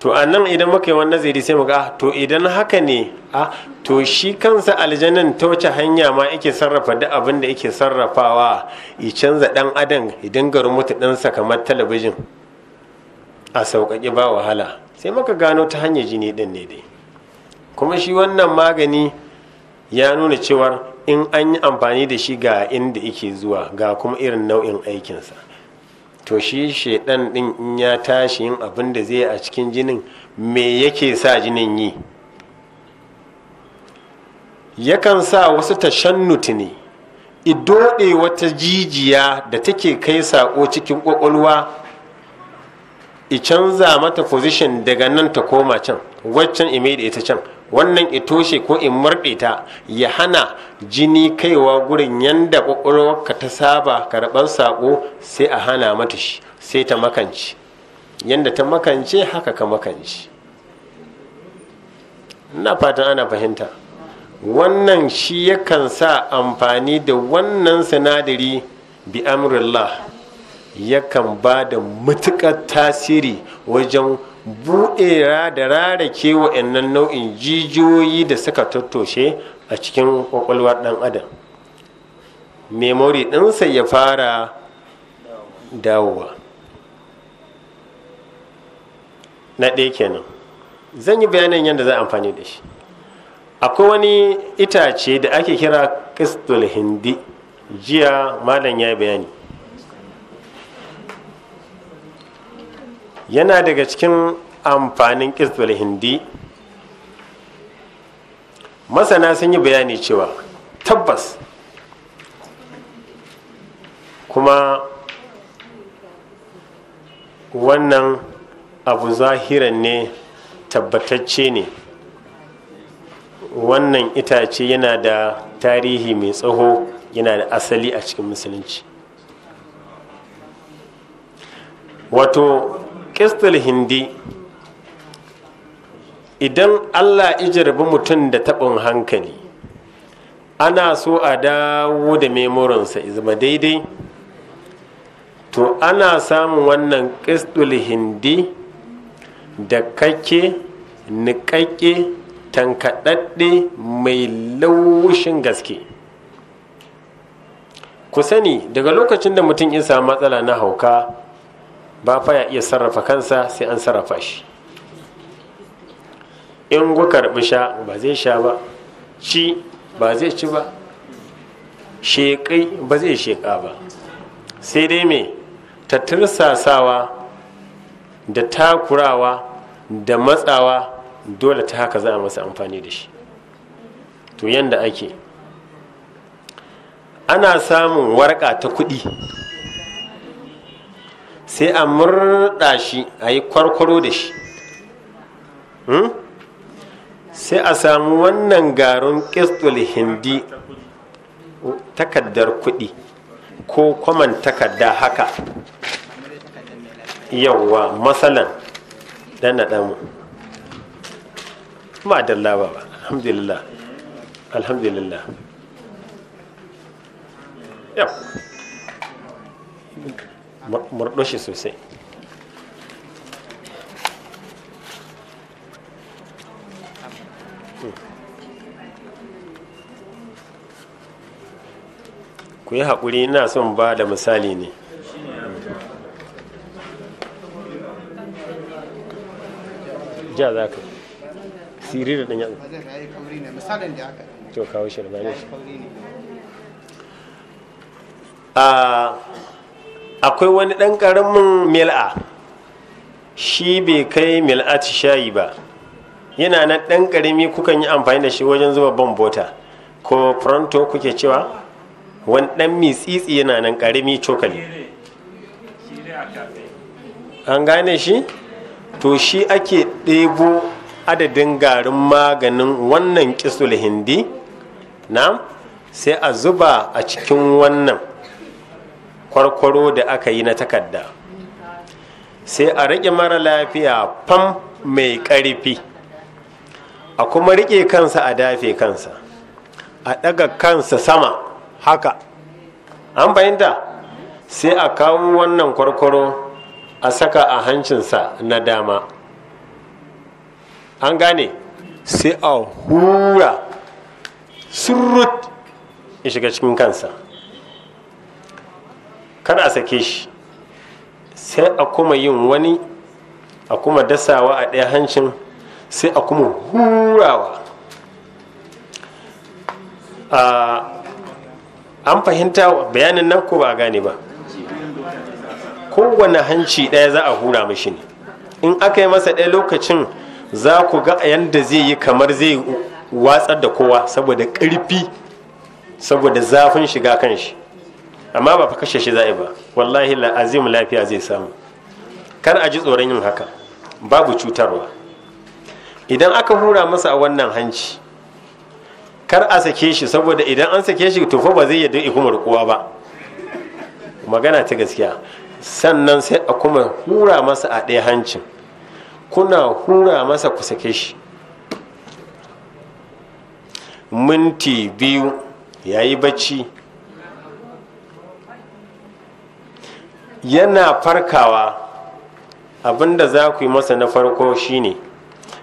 to a nan idan muka yi wani nazari sai muga to idan haka ne a to shi kansa aljanin ta wace hanya ma yake sarrafa duk abin da yake sarrafawa ya canza dan adam idan garin mutu ɗansa kamar talabijin a sauƙaƙe ba wahala sai muka gano ta hanyar jini ɗin ne dai kuma shi wannan magani ya nuna cewar in an yi amfani da shi ga inda yake zuwa ga kuma irin nau'in aikinsa to shi shaidan din in ya tashi yin abin da zai a cikin jinin me yake sa jinin yi yakan sa wasu tashannuti ne idoɗe wata jijiya da take kai saƙo cikin ƙwaƙwalwa i canza mata position daga nan ta koma can waccan imai da ita can wannan itoshe ko in murɗe ta ya hana jini kaiwa gurin yanda ƙwaƙwalwarka ta saba karɓar saƙo sai a hana mata shi sai ta makance yanda ta makance haka ka makance ina fatan ana fahimta wannan shi yakan sa amfani da wannan sinadari bi amrullah yakan ba da matuƙar tasiri wajen buɗewa da rarake wa'annan nau'in jijiyoyi da suka tattoshe a cikin kwakwalwar ɗan adam memory ɗinsa ya fara dawowa na ɗaya kenan zan yi bayanin yadda za a amfani da shi akwai wani itace da ake kira kistul hindi jiya malam ya yi bayani yana daga cikin amfanin kisbal hindi masana sun yi bayani cewa tabbas kuma wannan abu zahiran ne tabbatacce ne wannan itace yana da tarihi mai tsaho yana da asali a cikin musulunci wato alƙistul hindi idan allah ijirbi mutum da taɓin hankali ana so a dawo da memorinsa izma daidai to ana samun wannan ƙistul hindi da kake niƙaƙe tankaɗaɗɗe mai laushin gaske ku sani daga lokacin da mutum isa matsala na hauka ba fa ya iya sarrafa kansa sai an sarrafa shi in ku karɓi sha ba zai sha ba ci ba zai ci ba sheƙai ba zai sheƙa ba sai dai mai tattarsasawa da takurawa da matsawa dole ta haka za a masa amfani da shi to yanda ake ana samun warka ta kuɗi sai a murɗa shi a yi kwarkwaro da shi hmm? sai a samu wannan garin kistul hindi takaddar kuɗi ko kwaman takadda haka yawwa matsalan dan na damu ba da ba alhamdulillah alhamdulillah murɗo sosai hmm. ku yi haƙuri ina son ba da misali ne ja za ka siri da ɗanyar to kawo shi da bayan shi a akwai wani ɗan ƙaramin mil'a shi bai kai mil'ati shayi ba yana nan ɗan ƙarami kukan yi amfani da shi wajen zuba bambota ko pronto kuke cewa wani ɗan mitsitsi yana nan ƙarami cokali an gane shi to shi ake ɗebo adadin garin maganin wannan kisul hindi na sai a zuba a cikin wannan kwarkwaro da aka yi na takarda sai a riƙe mara lafiya fam mai ƙarfi a kuma riƙe kansa a dafe kansa a ɗaga kansa sama haka an fahimta sai a kawo wannan kwarkwaro a saka a hancinsa na dama an gane sai a hura surut ya shiga cikin kansa kar a sake shi sai a kuma yin wani a kuma dasawa a ɗaya hancin sai a kuma hurawa an fahimta bayanin nan ko ba a gane ba kowane hanci ɗaya za a hura mashi ne in aka yi masa ɗaya lokacin za ku ga yadda zai yi kamar zai watsar da kowa saboda ƙarfi saboda zafin shiga kan shi amma ba fa kashe shi za'i ba wallahi la azim lafiya zai samu kar a ji tsoron yin haka babu cutarwa idan aka hura masa a wannan hanci kar a sake shi saboda idan an sake shi tufa ba zai yadda ikumar kowa ba magana ta gaskiya sannan sai a kuma hura masa a ɗaya hancin kuna hura masa ku sake shi minti biyu yayi bacci yana farkawa abinda za ku yi masa na farko shine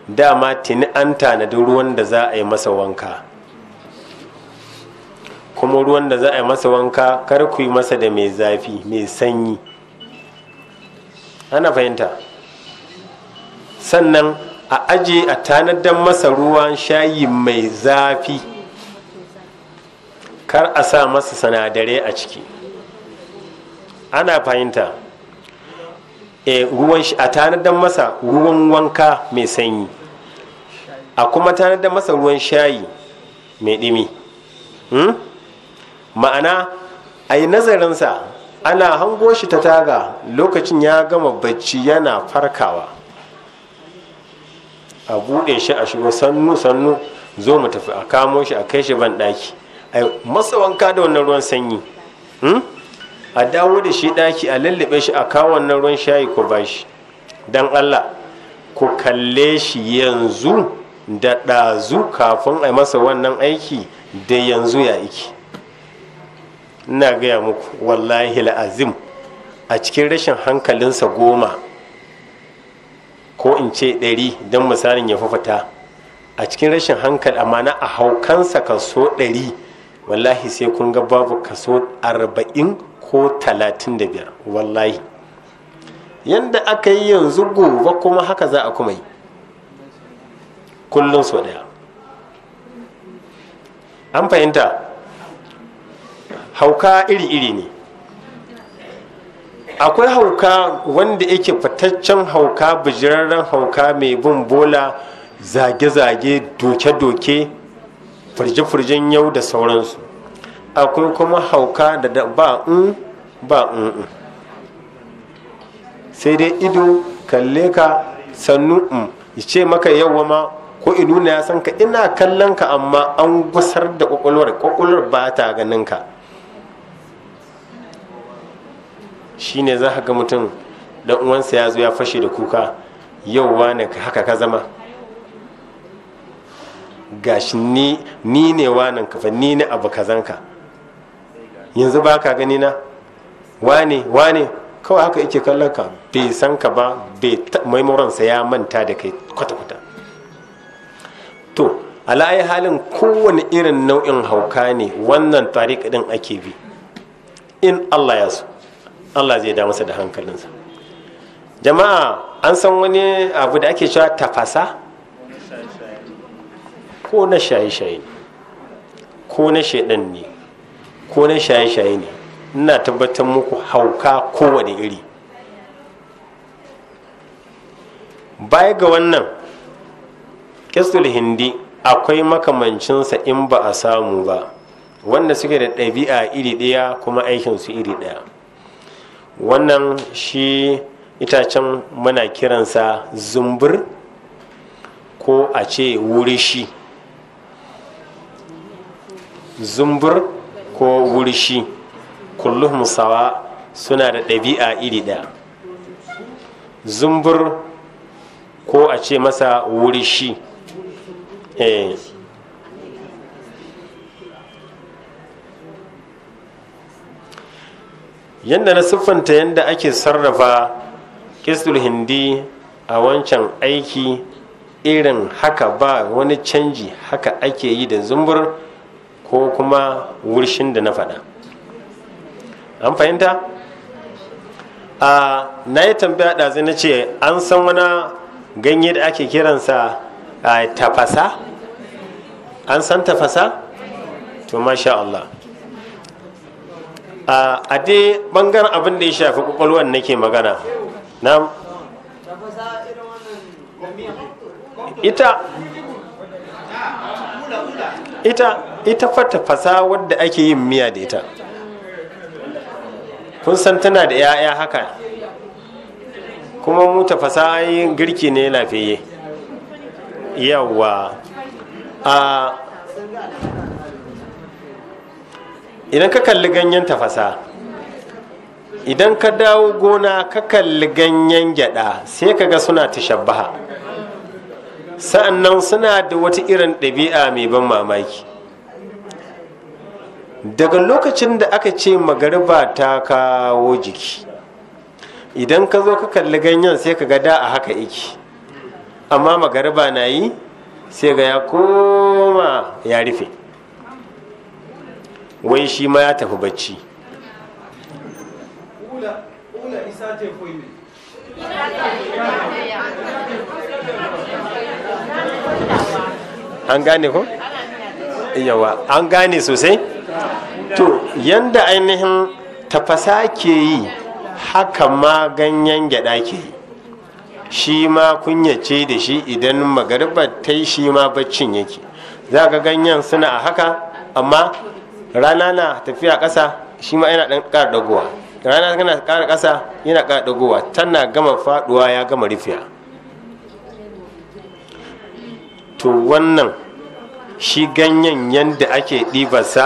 dama tuni an tanadi ruwan da za a yi masa wanka kuma ruwan da za a yi masa wanka kar ku yi masa da mai zafi mai sanyi ana fahimta sannan a aje a tanadar masa ruwan shayi mai zafi kar a sa masa sanadare a ciki ana fahimta e, ruwan a tanadar masa ruwan wanka mai sanyi a kuma tanadar masa ruwan shayi mai ɗimi hmm? ma'ana a yi nazarinsa ana hango shi ta taga lokacin ya gama bacci yana farkawa a buɗe shi a shigo sannu sannu zo mu tafi a kamo shi a kai shi ban ɗaki a masa wanka da wannan ruwan sanyi hmm? a dawo da shi ɗaki a lullube shi a kawo wannan ruwan shayi ku ba shi don allah ku kalle shi yanzu da ɗazu kafin a masa wannan aiki da yanzu ya iki ina gaya muku wallahi la'azim a cikin rashin hankalinsa goma ko in ce ɗari don misalin ya fita a cikin rashin hankali amana a haukansa kaso ɗari wallahi sai kun ga babu kaso arba'in ko talatin da biyar wallahi yadda aka yi yanzu gobe kuma haka za a kuma yi kullum sau daya an fahimta hauka iri-iri ne akwai hauka wanda yake fataccen hauka bijirarren hauka mai bin bola zage-zage doke-doke furje-furjen yau da sauransu akwai kuma hauka da ba un ba un sai dai ido kalle ka sannu un um. ce maka yawa ma ko na ya san ka ina kallon ka amma an gusar da kwakwalwar kwakwalwar ba ta ganin ka shi ne za ka ga mutum dan uwansa ya zo ya fashe da kuka yau ne haka ka zama gashi ni ne wanan kafa ni ne abu kazanka yanzu ba ka gani na wane wane kawai haka yake kallon ka bai san ka ba bai maimuransa ya manta da kai kwata-kwata to ala'ayi halin kowane irin nau'in hauka ne wannan tariƙa din ake bi in allah ya so allah zai da masa da hankalinsa jama'a an san wani abu da ake cewa tafasa ko na shaye-shaye ko na shaidan ne ko na shaye-shaye ne ina tabbatar muku hauka kowane iri baya ga wannan kistul hindi akwai makamancinsa in ba a samu ba wanda suke da ɗabi'a iri ɗaya kuma aikinsu iri ɗaya wannan shi itacen muna kiransa zumbur ko a ce wurishi zumbur ko wurshi kulluhum sawa suna da ɗabi'a iri ɗaya zumbur ko a ce masa wurshi eh yadda na siffanta yadda ake sarrafa kistul hindi a wancan aiki irin haka ba wani canji haka ake yi da zumbur ko kuma wurshin da na faɗa an fahimta a na yi tambaya ɗazu na ce an san wani ganye da ake kiransa a tafasa an san tafasa to masha Allah a dai ɓangaren abin da ya shafi kwakwalwan nake magana na ita ita ita fata fasa wadda ake yin miya da ita kun san tana da 'ya'ya haka kuma mu tafasa girki ne lafiye yawa a idan ka kalli ganyen tafasa idan ka dawo gona ka kalli ganyen gyada sai ka ga suna shabbaha. sa'annan suna da wata irin ɗabi'a mai ban mamaki daga lokacin da aka ce magariba ta kawo jiki idan ka zo ka kalli ganyen sai ka ga da a haka iki amma magariba na yi sai ga ya koma ya rufe wai shi ma ya tafi bacci an gane ko yawa an gane sosai to yanda ainihin tafasa ke yi haka ma ganyen gyada ke yi shi ma kunyace da shi idan magarbar ta yi shi ma baccin yake za ka ganyen suna a haka amma rana na tafiya ƙasa shi ma yana ɗan ƙara dagowa rana tana ƙara ƙasa yana ƙara dagowa tana gama faɗuwa ya gama rufiya to wannan shi ganyen yadda ake ɗibarsa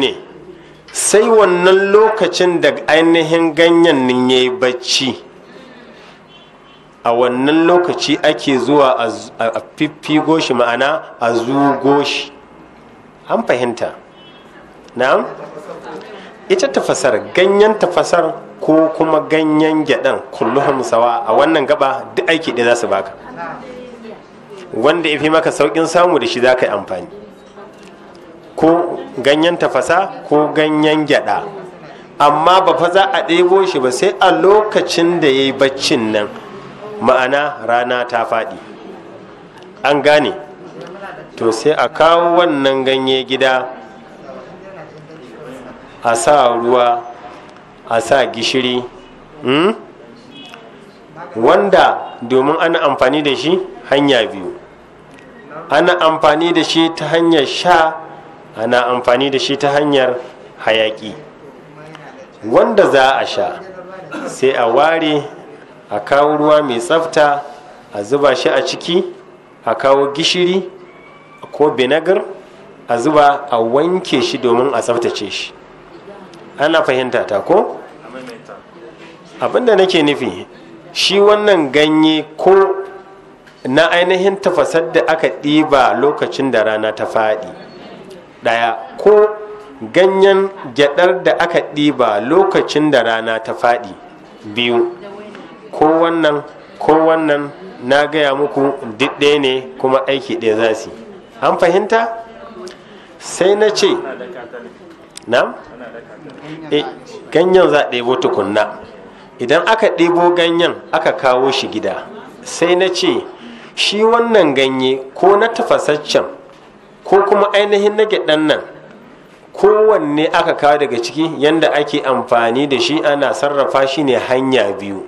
ne sai wannan lokacin da ainihin ganyen nin ya yi bacci a wannan lokaci ake zuwa a fiffigo shi ma'ana a zugo shi an fahimta na'am ita tafasar ganyen tafasar ko kuma ganyen gyaɗan kulluhun sawa a wannan gaba duk aiki ɗaya za su baka wanda ya fi maka saukin samu da shi za ka yi amfani ko ganyen tafasa ko ganyen gyada amma ba fa za a ɗebo shi ba sai a lokacin da ya yi baccin nan ma'ana rana ta faɗi an gane to sai a kawo wannan ganye gida a sa ruwa a sa gishiri hmm? wanda domin ana amfani da shi hanya biyu ana amfani da shi ta hanyar sha ana amfani da shi ta hanyar hayaki wanda za a sha sai a ware a kawo ruwa mai tsafta a zuba shi a ciki a kawo gishiri ko binagar a zuba a wanke shi domin a tsaftace shi ana fahimta ta ko abinda nake nufi shi wannan ganye ko na ainihin tafasar da aka ɗiba lokacin da rana ta faɗi ɗaya ko ganyen gyaɗar da aka ɗiba lokacin da rana ta faɗi biyu ko wannan ko wannan na gaya muku ɗaya ne kuma aiki ɗaya za su an fahimta sai na ce na eh, ganyen za a ɗebo tukunna idan aka ɗebo ganyen aka kawo shi gida sai na ce shi wannan ganye ko na tafasaccen ko kuma ainihin na gyaɗan nan kowanne aka kawo daga ciki yadda ake amfani da shi ana sarrafa shi ne hanya biyu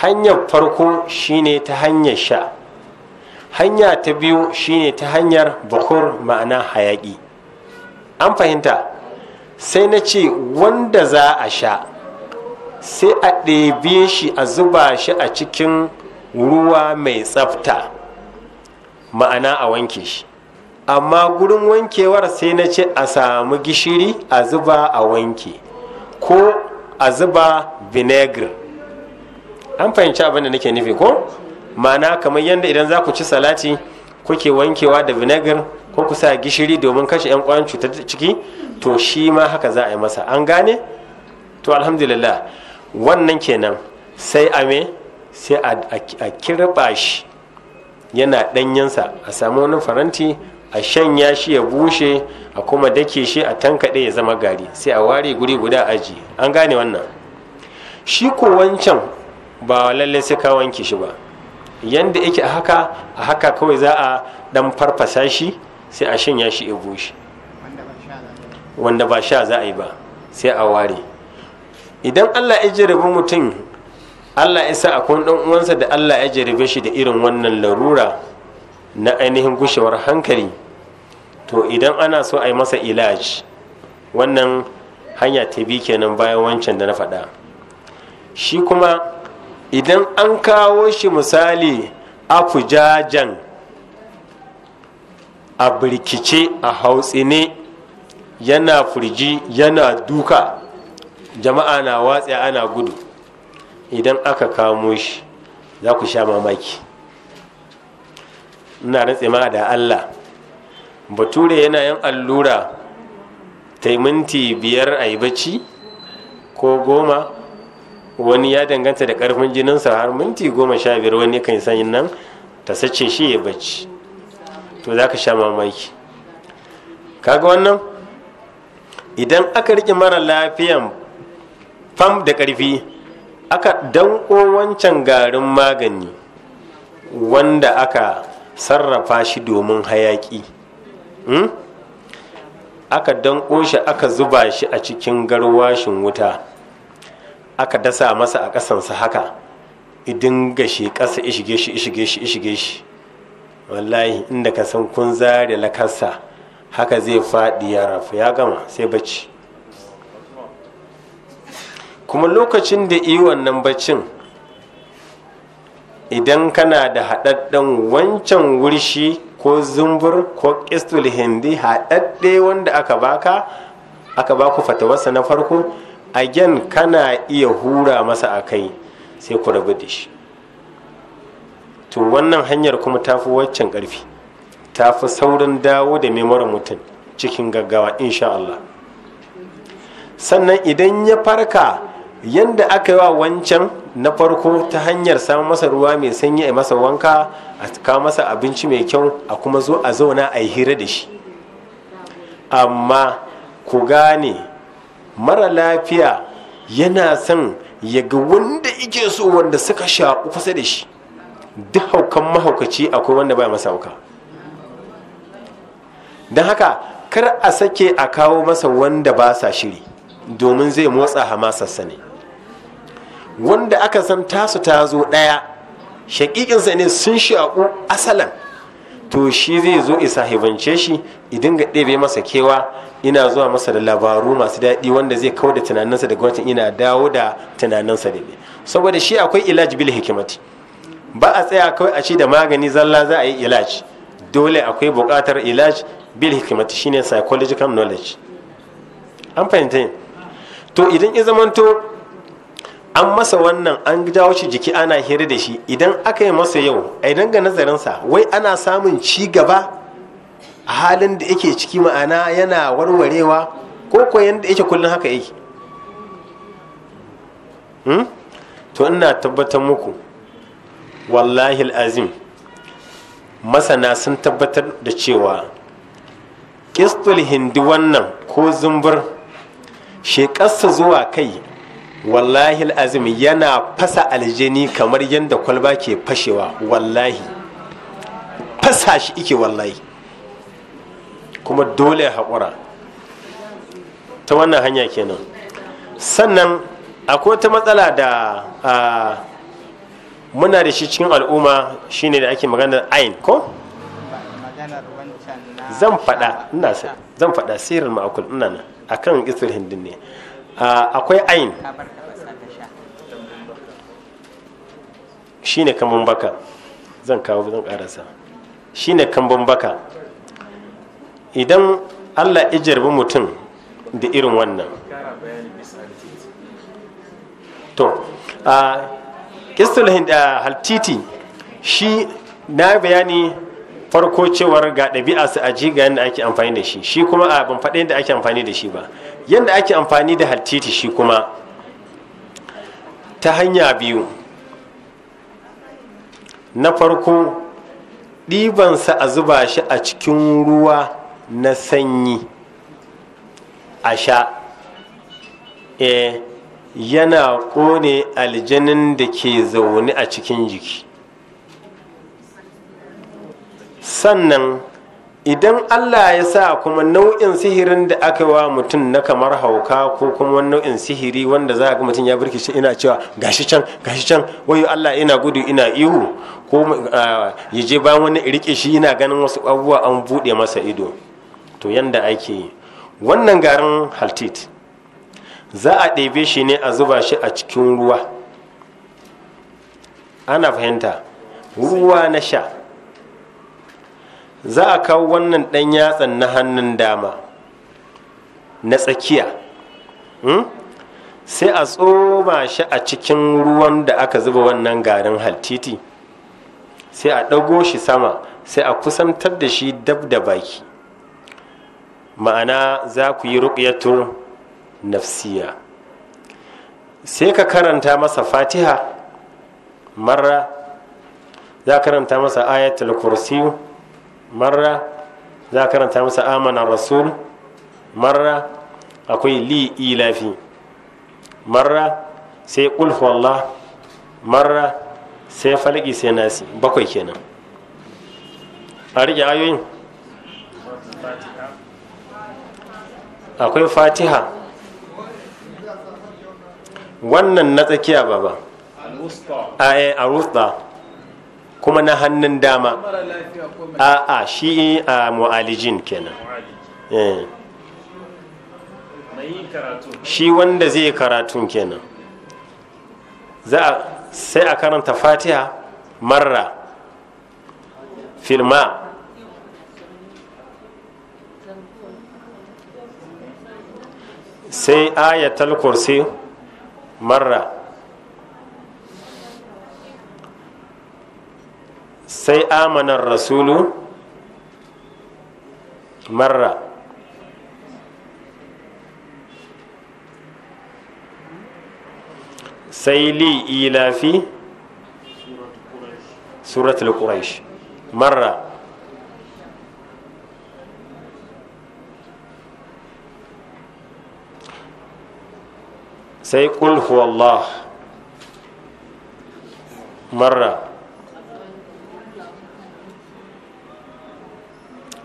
hanyar farko shine ta hanyar sha hanya ta biyu shine ta hanyar bukur ma'ana hayaƙi. an fahimta sai na ce wanda za a sha sai a ɗebe shi a zuba shi a cikin ruwa mai tsafta ma'ana a wanke shi amma gurin wankewar sai na ce a samu gishiri a zuba a wanke ko a zuba vinegar an fahimci abin da nake nufi ko ma'ana kamar yadda idan za ku ci salati kuke wankewa da vinegar ko ku sa gishiri domin kashe 'yan kwan cutar ciki to shi ma haka za a yi masa an gane to alhamdulillah wannan kenan sai a me sai a kirba shi yana ɗanyensa a sami wani faranti a shanya shi ya bushe a kuma dake shi a tankaɗe ya zama gari sai a ware guri guda aji an gane wannan shi ko wancan ba lalle sai ka wanke shi ba yanda yake a haka a haka kawai za a ɗan farfasa shi sai a shanya shi ya bushe wanda ba sha za a yi ba sai a ware idan allah ya jarabi mutum allah ya sa akwai ɗan uwansa da allah ya jarabe shi da irin wannan larura na ainihin gushewar hankali to idan ana so a yi masa ilaj wannan hanya ta bi kenan bayan wancan da na faɗa shi kuma idan an kawo shi misali a fujajen a birkice a hautsine yana furji yana duka jama'a na watsa ana gudu idan aka kamo shi za ku sha mamaki ina rantse ma da allah bature yana yin allura ta minti biyar a yi bacci ko goma wani ya danganta da karfin jininsa har minti goma sha biyar wani kan sanyin nan ta sace shi ya bacci to za ka sha mamaki kaga wannan idan aka riƙe mara lafiyan fam da ƙarfi aka danko wancan garin magani wanda aka sarrafa shi domin hayaki hmm? aka danko shi aka zuba shi a cikin garwashin wuta aka dasa masa a ƙasansa haka idin gashi ƙasa ishige shi ishige shi ishige shi wallahi inda ka san kun zare lakarsa haka zai faɗi ya rafu ya gama sai bacci kuma lokacin da yi wannan baccin idan kana da haɗaɗɗen wancan wurshi ko zumbur ko kistul hindi haɗaɗɗe wanda aka baka aka baku fatawarsa na farko a again kana iya hura masa a kai sai ku rabu da shi to wannan hanyar kuma ta fi waccan ƙarfi ta fi saurin dawo da memoran mutum cikin gaggawa insha Allah sannan idan ya farka Yadda aka yi wa wancan na farko ta hanyar samun masa ruwa mai sanyi a masa wanka a kawo masa abinci mai kyau a kuma zo a zauna a yi hira da shi amma ku gane mara lafiya yana son ya ga wanda ike so wanda suka sha kusa da shi duk haukan mahaukaci akwai wanda ba masa hauka don haka kar a sake a kawo masa wanda ba sa shiri domin zai motsa hamasarsa ne wanda aka san tasu ta zo ɗaya shaƙiƙinsa ne sun shaƙu asalan to shi zai zo isa hibance shi idan ga ɗebe masa kewa ina zuwa masa da labaru masu daɗi wanda zai kawo da tunaninsa daga wancan ina dawo da tunaninsa da saboda shi akwai ilaji bil hikimati ba a tsaya kawai a ce da magani zalla za a yi ilaji, dole akwai buƙatar ilaji bil hikimati shine psychological knowledge an fahimta to idan ya zamanto an masa wannan an jawo shi jiki ana hira da shi idan aka yi masa yau a idan ga nazarinsa wai ana samun ci gaba a halin da yake ciki ma'ana yana warwarewa ko ko yanda yake kullum haka yake hmm? to ina tabbatar muku wallahi azim masana sun tabbatar da cewa kistul hindu wannan ko zumbur shekarsa zuwa kai wallahi azim yana fasa aljini kamar yadda kwalba ke fashewa wallahi fasa shi ike wallahi kuma dole haƙura ta wannan hanya kenan sannan akwai ta matsala da muna da shi cikin al'umma shine da ake magana ayin ko zan faɗa ina zan faɗa sirrin ma'akul ina nan akan isar hindin ne Ah, akwai ayin shine kambun baka zan kawo zan karasa ne kambun baka idan allah ijarbi mutum da irin wannan to a ah, kistul ah, haltiti shi na bayani farko cewar ga ɗabi'a su aji ga yadda ake amfani da shi shi kuma a ban faɗi yadda ake amfani da shi ba yadda ake amfani da haltiti shi kuma ta hanya biyu na farko ɗibansa a zuba shi a cikin ruwa na sanyi a sha e yana ƙone aljanin da ke zaune a cikin jiki sannan idan allah ya sa kuma nau'in sihirin da aka wa mutum na kamar hauka ko kuma nau'in sihiri wanda za a ga mutum ya shi, ina cewa gashi can gashi can wayo allah ina gudu ina ihu ko ah, ya je wani rike shi ina ganin wasu abubuwa an buɗe masa ido to yanda ake yi wannan garin haltit za a ɗebe shi ne a zuba shi a cikin ruwa ana fahimta ruwa na sha za a kawo wannan ɗan yatsan na hannun dama na tsakiya hmm? sai a tsoma shi a cikin ruwan da aka zuba wannan garin haltiti sai a ɗago shi sama sai a kusantar da shi dab da baki ma'ana za ku yi ruƙyatur nafsiya sai ka karanta masa fatiha marra za karanta masa ayatul kursiyu marra za karanta masa amanar rasul marra akwai li ilafi marra sai ƙulhu Allah marra sai falki sai nasi bakwai kenan a rike ayoyin akwai fatiha wannan na tsakiya baba a rusta eh, kuma na hannun dama a a shi eh, a mu'alijin kenan eh. shi wanda zai karatu kenan za sai a karanta fatiha marra filma sai ayatul kursi marra sai amanar rasulu marra sai li ilafi suratul quraish marra sai qul huwallah marra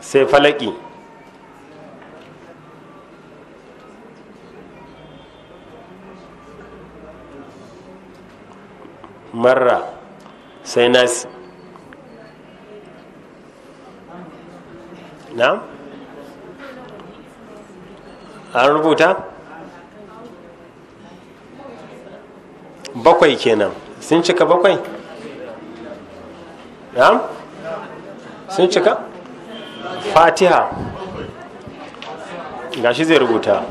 sai falaki marra sai nasi na an rubuta bakwai kenan sun cika bakwai na sun cika fatiha ga shi zai rubuta a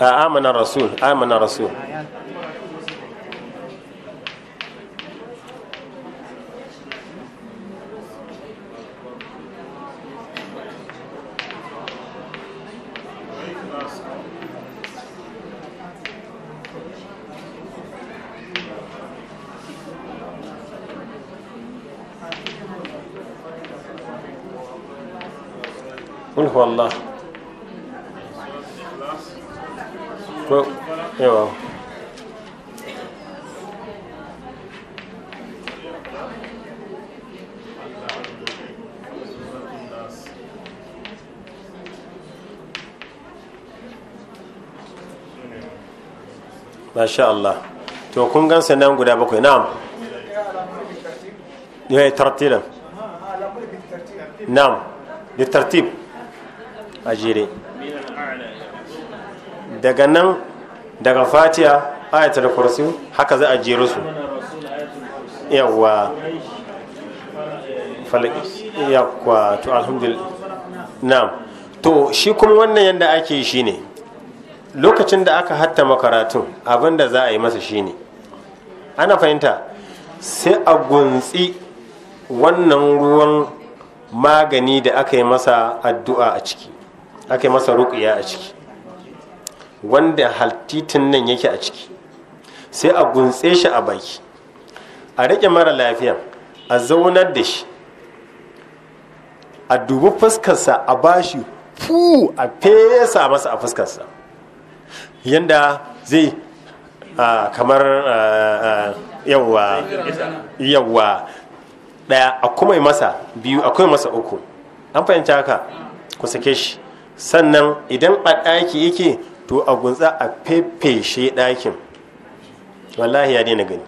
ah, amanar rasul amanar rasul insha Allah to kun gan nan guda bakwai na'am ya eh, tartilan na'am da tartib a jere daga nan daga fatiha da kursi haka za a jero su yawwa yawwa to alhamdulillah na'am to shi kuma wannan yadda ake shi ne lokacin da aka hatta makaratun abin da za a yi masa shine ana fahimta sai a guntsi wannan ruwan magani da aka yi masa addu'a a ciki aka yi masa ruƙiya a ciki wanda haltitin nan yake a ciki sai a guntse shi a baki a riƙe mara lafiya a zaunar da shi a dubi fuskarsa a bashi fu a fesa masa a fuskarsa yanda zai kamar yawwa daya a kuma masa biyu akwai masa uku an fahimci haka ku sake shi sannan idan a ɗaki yake to a gunza a fefeshe ɗakin wallahi ya daina gani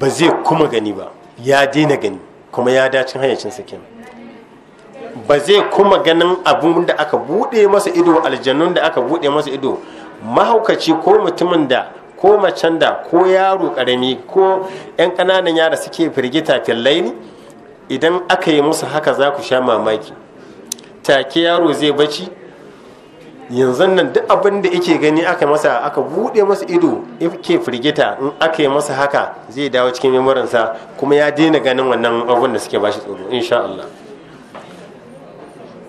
ba zai kuma gani ba ya daina gani kuma ya dacin cin sakin ba zai kuma ganin abun da aka buɗe masa ido aljannun da aka buɗe masa ido mahaukaci ko mutumin da ko macen da ko yaro karami ko 'yan ƙananan yara suke firgita fillaini idan aka yi musu haka za ku sha mamaki take yaro zai bacci yanzu nan duk abin da yake gani aka masa aka buɗe masa ido ke firgita in aka yi masa haka zai dawo cikin memorinsa kuma ya daina ganin wannan abin da suke bashi tsoro insha Allah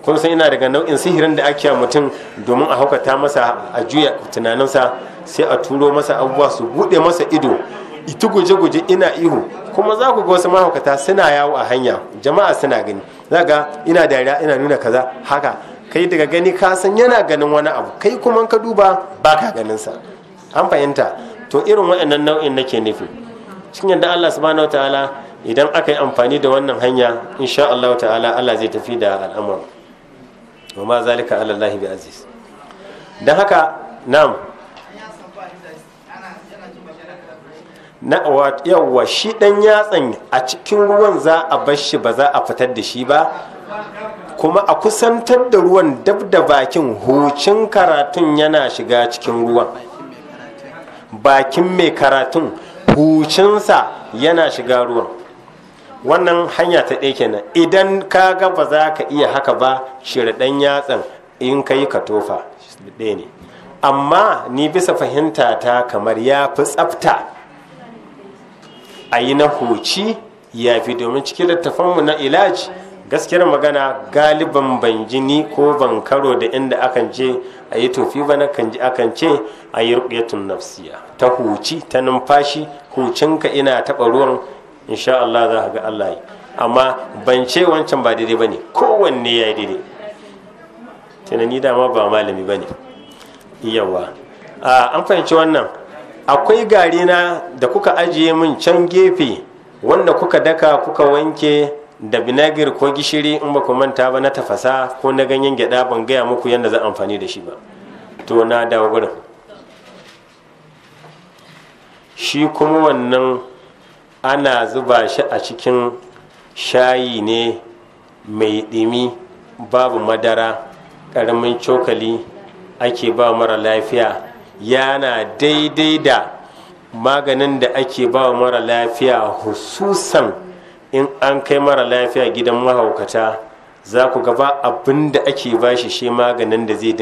kun san ina daga nau'in sihirin da ake mutum domin a haukata masa a juya tunaninsa sai a turo masa abubuwa su bude masa ido ita guje-guje ina ihu kuma za ku ga wasu mahaukata suna yawo a hanya jama'a suna gani za ga ina dariya ina nuna kaza haka kai daga gani ka san yana ganin wani abu kai kuma ka duba ba ka ganin sa an fahimta to irin waɗannan nau'in nake nufi cikin yadda Allah subhanahu ta'ala idan aka yi amfani da wannan hanya insha Allah ta'ala Allah zai tafi da al'amuran wa ma zalika ala bi aziz dan haka nam na yawa shi dan yatsan a cikin ruwan za a bar shi ba za a fitar da shi ba kuma a kusantar da ruwan dab da bakin hucin karatun yana shiga cikin ruwan bakin mai karatun hucinsa yana shiga ruwan wannan hanya ta ɗaya kenan idan ka ga ba za ka iya haka ba shirɗan yatsan in ka yi ka tofa ɗaya ne amma ni bisa fahimta ta kamar ya fi tsafta a yi na huci ya fi domin cikin littafanmu na ilaji gaskiyar magana galiban ban jini ko ban karo da inda akan ce a yi tofi ba na ji akan ce a yi rukyatun nafsiya ta huci ta numfashi hucinka ina taɓa ruwan insha Allah za ka ga Allah yi amma ban ce wancan ba daidai bane kowanne ya yi daidai tunani dama ba malami bane yawa an fahimci wannan akwai gari na da kuka ajiye min can gefe wanda kuka daka kuka wanke da binagir ko gishiri in ba ku manta ba na tafasa ko na ganyen gyada ban gaya muku yadda za amfani da shi ba to na dawo gurin shi kuma wannan ana zuba shi a cikin shayi ne mai ɗimi babu madara ƙaramin cokali ake ba mara lafiya yana daidai da maganin da ake ba mara lafiya hususan in an kai mara lafiya gidan mahaukata za ku gaba abin da ake ba shi shi maganin da zai